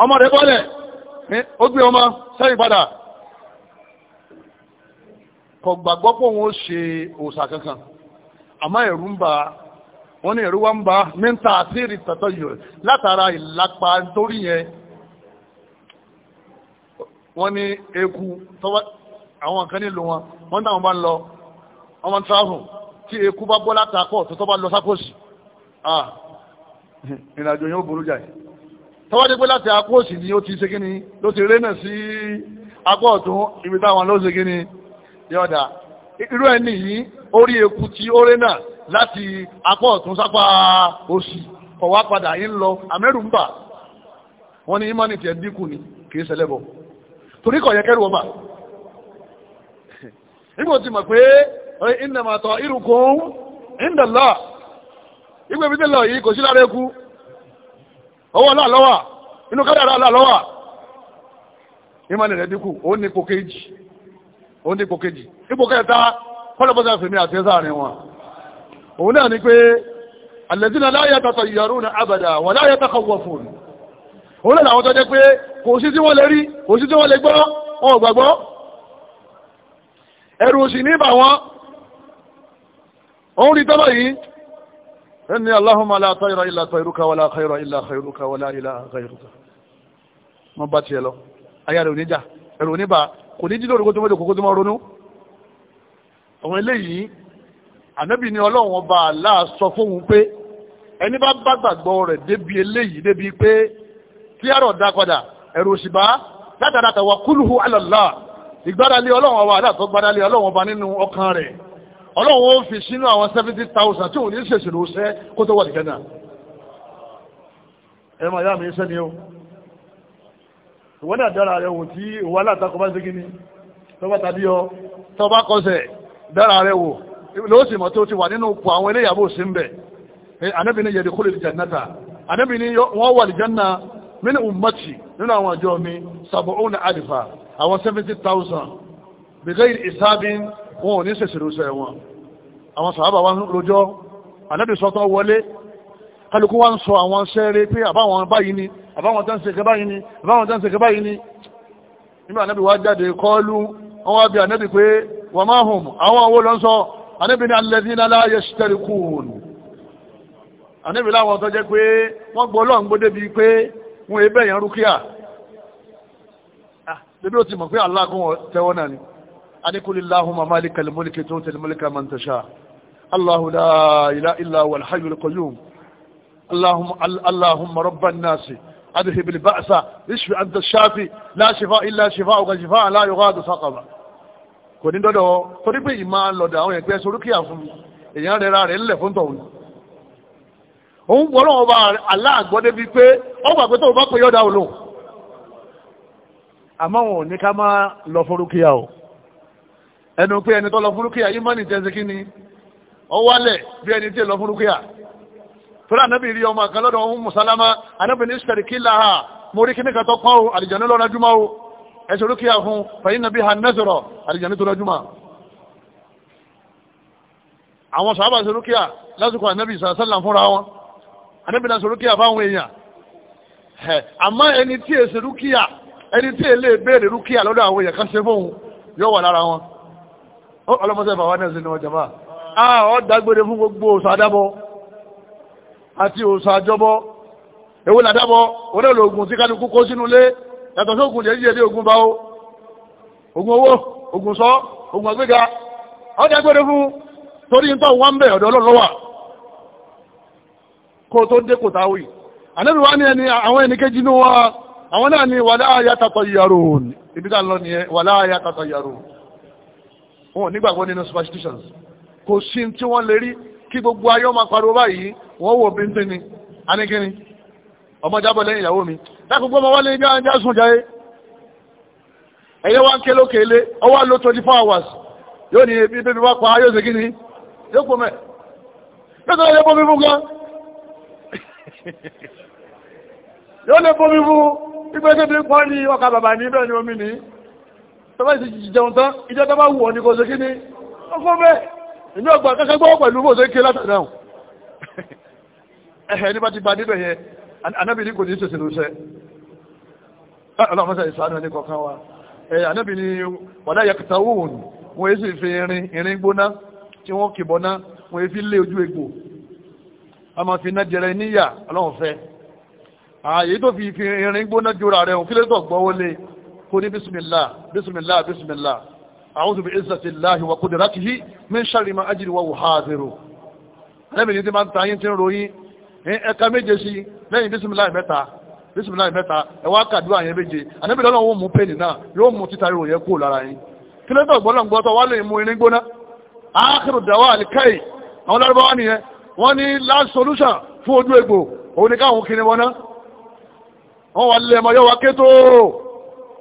ọmọ rẹ̀ bọ́lẹ̀ ó gbé ọmọ sẹ́yìn padà gbàgbọ́ ṣe osa kankan àmọ́ ẹ̀rù ń bà wọ́n ní ẹ̀rù wá ń bà mẹ́ta àti ìrìtàtọ̀ yìí látara ìlápa eku tọ́wọ́ tí eku bá bọ́ látàkọ́ tó tọ́ bá lọ sákòsì ah ìrìnàjò yóò burú jáì tọ́wọ́ dé pé láti akóòsì ni ó ti ṣe kíni ló ti rénà sí apọ́ ọ̀tún ibi táwọn ló ṣe kíni yọ̀dà irú ẹni yìí orí eku tí ó rénà láti apọ́ ọ̀tún sápá òsì ọ̀wá padà yìí ń lọ àmẹ́rù ń bà wọ́n ní imani tiẹ̀ dínkù ni kì í ṣẹlẹ̀ bọ̀ torí kọ̀ yẹ kẹ́rù ọba nígbà tí mọ̀ pé ìnàmà tọ̀ irùkún ìndàlá ìgbé ibi tẹ́lọ yìí kò sí lára ẹkú ọwọ́ aláàlọ́wà ala kádàrà aláàlọ́wà ìmọ̀ nìrẹ̀ dínkù ó ní ipò kejì ó ní ipò kejì ipò kẹta kọ́lọ̀bọ́sà fèmí àti ẹ̀sà rẹ̀ wọn na abàdà wà láyàtàkọ̀ wọ̀ fún òun rí tọ́lọ̀ yìí ẹni Allahumma la tayra illa tayruka wala khayra illa khayruka wala ilaha ghayruka wọ́n bá tiẹ̀ lọ ayá rẹ̀ oníjà ẹ̀rù oníbà kò ní dídò rògbòtò mọ́jọ kòkó tó máa ronú àwọn eléyìí ànábì ni ọlọ́run ọba Allah sọ fóun pé ẹni bá bá gbàgbọ́ rẹ̀ débi eléyìí débi pé tí àrọ̀ dá padà ẹ̀rù ọlọ́run ọba nínú ọkàn rẹ̀ ọlọ́run ó fi sínú àwọn seventy thousand tí òun ní ṣèṣirò ṣẹ́ kó tó wà ní Ghana ẹ máa yá mi iṣẹ́ ni ó ìwọ́n náà dára rẹ̀ wò tí ìwọ́ alátakọ̀ bá ń segin ni tọ́ba tàbí ọ tọ́ba kọsẹ̀ dára rẹ̀ wò ló sì mọ̀ tó ti wà nínú pọ̀ àwọn eléyàwó sí ń bẹ̀ anábì ni yẹ̀dẹ̀ kólé jannata anábì ni wọ́n wà lìjánná nínú ummati nínú àwọn àjọ mi sàbọ̀ òun àdìfà àwọn seventy thousand bìgẹ́ ìsábìn wọn ò ní sèṣìrìṣẹ́ wọn àwọn sàábà wá lójọ́ ànábì sọ́tọ́ wọlé kálukú wá ń sọ àwọn sẹ́rẹ́ pé àbáwọn báyìí ni àbáwọn tán ṣe kẹ báyìí ni àbáwọn tán ṣe kẹ báyìí ni nígbà ànábì wá jáde kọ́ọ̀lù wọn wá bí ànábì pé wọ́n la yashtarikun ànábì láwọn tó jẹ́ pé wọ́n gbọ́ lọ́n gbó débi pé wọ́n ebẹ̀ yẹn rúkìá ah, anikuli lahuma malika limuliki tó tẹ̀lé mulika man tasha allahu la ilaha illa wal hayyul qayyum allahumma allahumma rabban nas adhhib al ba'sa ishfi anta shafi la shifa illa shifa'uka shifa'a la yughadu saqama kò ní dọ́dọ̀ kò ní pé ìmá lọ́dọ̀ àwọn ẹgbẹ́ sorúkìyà fún èèyàn rẹ̀ rà rẹ̀ ńlẹ̀ fún òun wọ́n ọba aláàgbọ́dé bíi pé ọgbà pé tó bá pè yọ́dá olóhùn àmọ́ wọn ní ká má lọ fún rúkìyà o ẹnu pé ẹni tó lọ fúrúkìá yìí mọ́nì tẹ́sí kí ni ọ wálẹ̀ bí ẹni tí lọ fúrúkìá tó rà nábì rí ọmọ kan lọ́dọ̀ ọmọ mùsálámà anábì ní sẹ̀rì kí láha mo rí kíní kan tó pọ́n o àlìjànú lọ́ra júmọ́ o ẹ̀sùn rúkìá fún fẹ̀yìn nàbí ha nẹ́sọ̀rọ̀ àlìjànú tó lọ júmọ́ àwọn sàábà ṣe rúkìá lásìkò ànábì sàásàlà fúnra wọn ànábì náà ṣe rúkìá fáwọn èèyàn àmọ́ ẹni tí èsì rúkìá ẹni tí èlé ìbéèrè rúkìá lọ́dọ̀ àwọn èèyàn kan ṣe fóun yóò wà lára wọn ọlọ́mọsẹ́ bàbá náà sínú ọjọ́ máa ah ọ ah, dágbére fún gbogbo òsà àdábọ̀ àti òsà àjọbọ̀ èwo làdábọ̀ onílò ogun tí kálukú kó sínú lé yàtọ̀ sí ogun jẹ́jẹ́ dé ogun bá o ogun owó ogun sọ ogun àgbéga ọ dágbére fún torí ń tọ́ wọ́n ń bẹ̀ ọ̀dọ̀ ọlọ́lọ́wà kó tó dé kò táwì ànábì wá ní ẹni àwọn ẹni kéjì ní wọn àwọn náà ni wàlá ayatàtọ̀ yàrò ibi tá wọn ò nígbàgbọ́ nínú superstitions kò sí tí wọ́n lè rí kí gbogbo ayé ọmọ pariwo báyìí wọ́n wò bí ń tẹ́ ni aníkíní ọmọ jábọ̀ lẹ́yìn ìyàwó mi dákùnkú ọmọ wálé ibi àjá sùn jáyé ẹ̀yẹ wá ń ké lókè ilé ọwá ló 24 hours yóò ní ebi bébí wá pa yóò ṣe ni yóò pọ̀ mẹ́ yóò tọ́lá yóò pọ̀ mi fún gan yóò lè pọ̀ mi fún ìgbésẹ̀ bí pọ́n ní ọkà bàbá ní bẹ́ẹ̀ ni omi nìí tọ́bá ìsì jì jẹun tán ìjọ tọ́bá wù ọ́ ní kò ṣe kí ni ọkọ bẹ́ẹ̀ èmi ọgbà kẹ́kẹ́ gbọ́ pẹ̀lú bó ṣe ké látàdá o ẹ̀hẹ̀ nípa ti ba níbẹ̀ yẹn anábì ní kò ní ṣèṣe ló ṣẹ́ ọlọ́mọṣẹ́ ìṣàánú ẹni kọ̀ọ̀kan wa anábì ní wàdá yàkùtà òun wọ́n èsì fi irin irin gbóná tí wọ́n kìbọ̀ ná wọ́n èfi lé ojú egbò a máa fi iná jẹrẹ níyà ọlọ́run fẹ́ ààyè tó fi irin gbóná jura rẹ̀ òun kílẹ̀ tó gbọ́wọ́ lé kò ní bísmìlá bísmìlá bísmìlá a'udhu bi izzati llahi wa qudratihi min sharri ma ajidu wa uhadiru lẹ́bìnrin tí máa ń tayín tí ń ròyìn ẹ̀ka méje sí lẹ́yìn bísmìlá mẹ́ta bísmìlá mẹ́ta ẹ̀wá kàdúrà yẹn méje ànábìlẹ̀ ọlọ́run mú pẹ́ẹ́nì náà yóò mú títa ríro yẹn kúrò lára yín kí ló tó gbọ́dọ̀ gbọ́tọ̀ wá lè mú irin gbóná akhiru dawa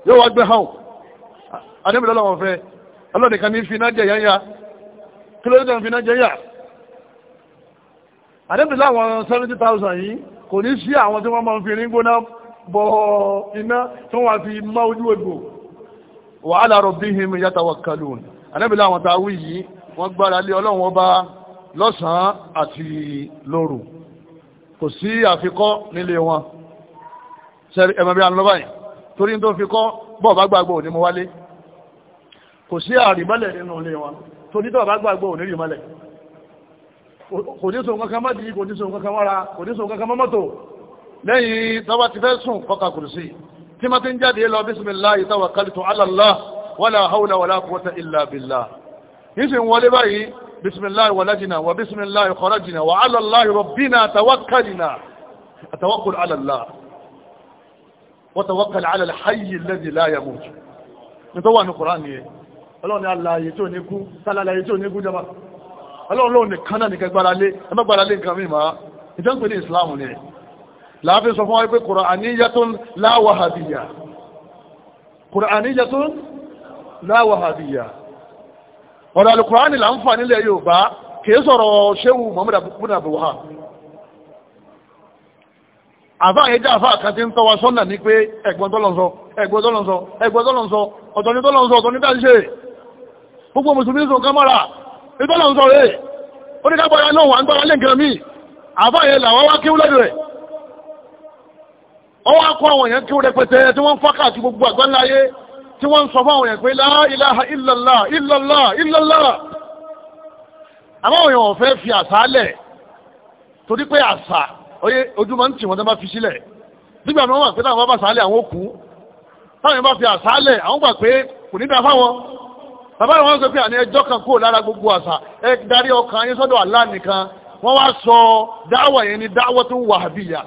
yóò wá gbé hàn àdébìlì ọlọ́wọ́n fẹ́ ọlọ́dẹ kan ní finá jẹ yáyá kí ló dé finá jẹ yá àdébìlì àwọn seventy thousand yìí kò ní sí àwọn tí wọ́n máa ń fi ní gbóná bọ iná tí wọ́n fi má ojú egbò wa ala rabbihim yatawakkalun àdébìlì àwọn táwí yìí wọ́n gbára lé ọlọ́wọ́n ọba lọ́sàn-án àti lóru kò sí àfikọ́ nílé wọn ṣẹ́rí ẹ̀mọ̀bí àlọ́bàá yìí torí tó fi kọ́ bọ́ọ̀bá gbàgbọ́ òní mú wálé kò sí àrìmọ́lẹ̀ nínú ilé wọn torí tọ́ọ̀bá gbàgbọ́ òní rìmọ́lẹ̀ kò ní sóun kankan mọ́dí kò ní sóun kankan mọ́ra kò ní sóun kankan mọ́mọ́tò lẹ́yìn tọ́wọ́ ti fẹ́ sùn kọ́ka kùrùsí tí ma ti ń jáde lọ bismillahi tawakkaltu wọ́tawọ́kàlẹ̀ alẹ́lẹ́hayì lẹ́dì láyàmù nítọ́ wà ní kùránì ẹ̀ ọlọ́run aláyé tí ò ní kú sálàláyé tí ò ní kú jọba ọlọ́run ní kánà ní kẹgbàralé ẹmẹ́gbàralé nǹkan mímọ̀ ìjọ́nkù ní ìsìláàmù ni láàfin sọ fún wáyé pé kùránìyàtún láwàhàbíyà kùránìyàtún láwàhàbíyà ọ̀rọ̀ alùkùránì là ń fà nílẹ̀ àfáà yẹn jẹ́ àfáà kan tí ń tọ́ wa sọ́nà ní pé ẹ̀gbọ́n tọ́lọ́nsọ ẹ̀gbọ́n tọ́lọ́nsọ ẹ̀gbọ́n tọ́lọ́nsọ ọ̀tọ̀ ní tọ́lọ́nsọ ọ̀tọ̀ ní dáṣe gbogbo mùsùlùmí sọ kámọ́ra ní tọ́lọ́nsọ rẹ̀ ó ní kápọ̀ náà wà ń gbára lé nǹkan míì àfáà yẹn làwọn wá kíw lẹ́nu rẹ̀ ọwọ́ akọ àwọn èèyàn kíw rẹpẹtẹ tí wọ́n fákà sí gbogbo àgbáńláyé tí wọ́n sọ fáwọn èèyàn pé la ilaha illallah illallah illallah àbáwọn èèyàn ò fẹ́ fi àṣà lẹ̀ torí pé àṣà oyè ojú máa ń tì wọ́n tó bá fi sílẹ̀ nígbà tí wọ́n wà pé táwọn bá bá sàálẹ̀ àwọn òkú táwọn bá fi àsálẹ̀ àwọn gbà pé kò ní dáfá wọn bàbá wọn sọ pé àní ẹjọ́ kan kúrò lára gbogbo àṣà ẹ darí ọkàn yín sọ́dọ̀ Allah nìkan wọ́n wá sọ dáwà yẹn ni dáwà tó ń wàhábíyà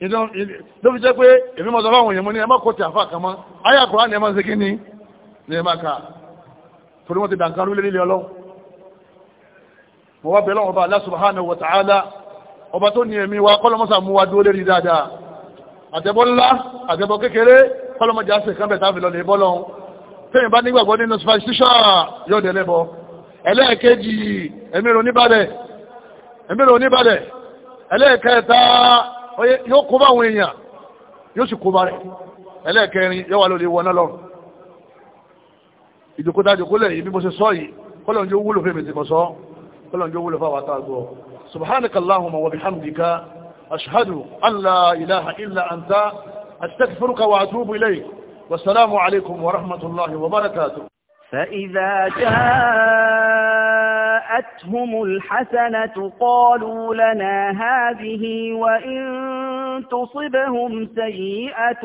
ló fi jẹ́ pé èmi mọ̀ sọ́fà àwọn èèyàn mọ́ ní ẹmọ́ kò tí àfà kan mọ́ ayé àkùrá ni ẹmọ́ ṣe kí ni ní ẹmọ́ ká torí wọ́n ti dàǹkan rú lé nílé ọlọ́ mo wá subhanahu wa ọba tó ní ẹ̀mí wa kọ́lọ́mọ́sà mú wa dúró lérí dáadáa àtẹ̀bọ́ ńlá àtẹ̀bọ́ kékeré kọ́lọ́mọ́jà ṣe kán bẹ̀ta fi lọ́lẹ̀ bọ́lọ́hún tẹ́yìn bá nígbàgbọ́ nínú superstition yóò dẹ̀ lẹ́bọ ẹlẹ́ẹ̀kejì ẹ̀mí ro níbàdẹ̀ ẹ̀mí ro níbàdẹ̀ ẹlẹ́ẹ̀kẹta yóò kó bá àwọn èèyàn yóò sì kó bá rẹ̀ wà lórí سبحانك اللهم وبحمدك أشهد أن لا إله إلا أنت أستغفرك وأتوب إليك والسلام عليكم ورحمة الله وبركاته فإذا جاءتهم الحسنة قالوا لنا هذه وإن تصبهم سيئة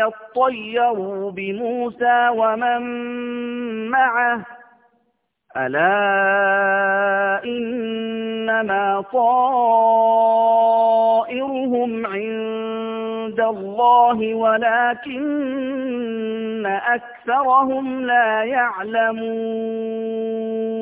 يطيروا بموسى ومن معه ألا إنما طائرهم عند الله ولكن أكثرهم لا يعلمون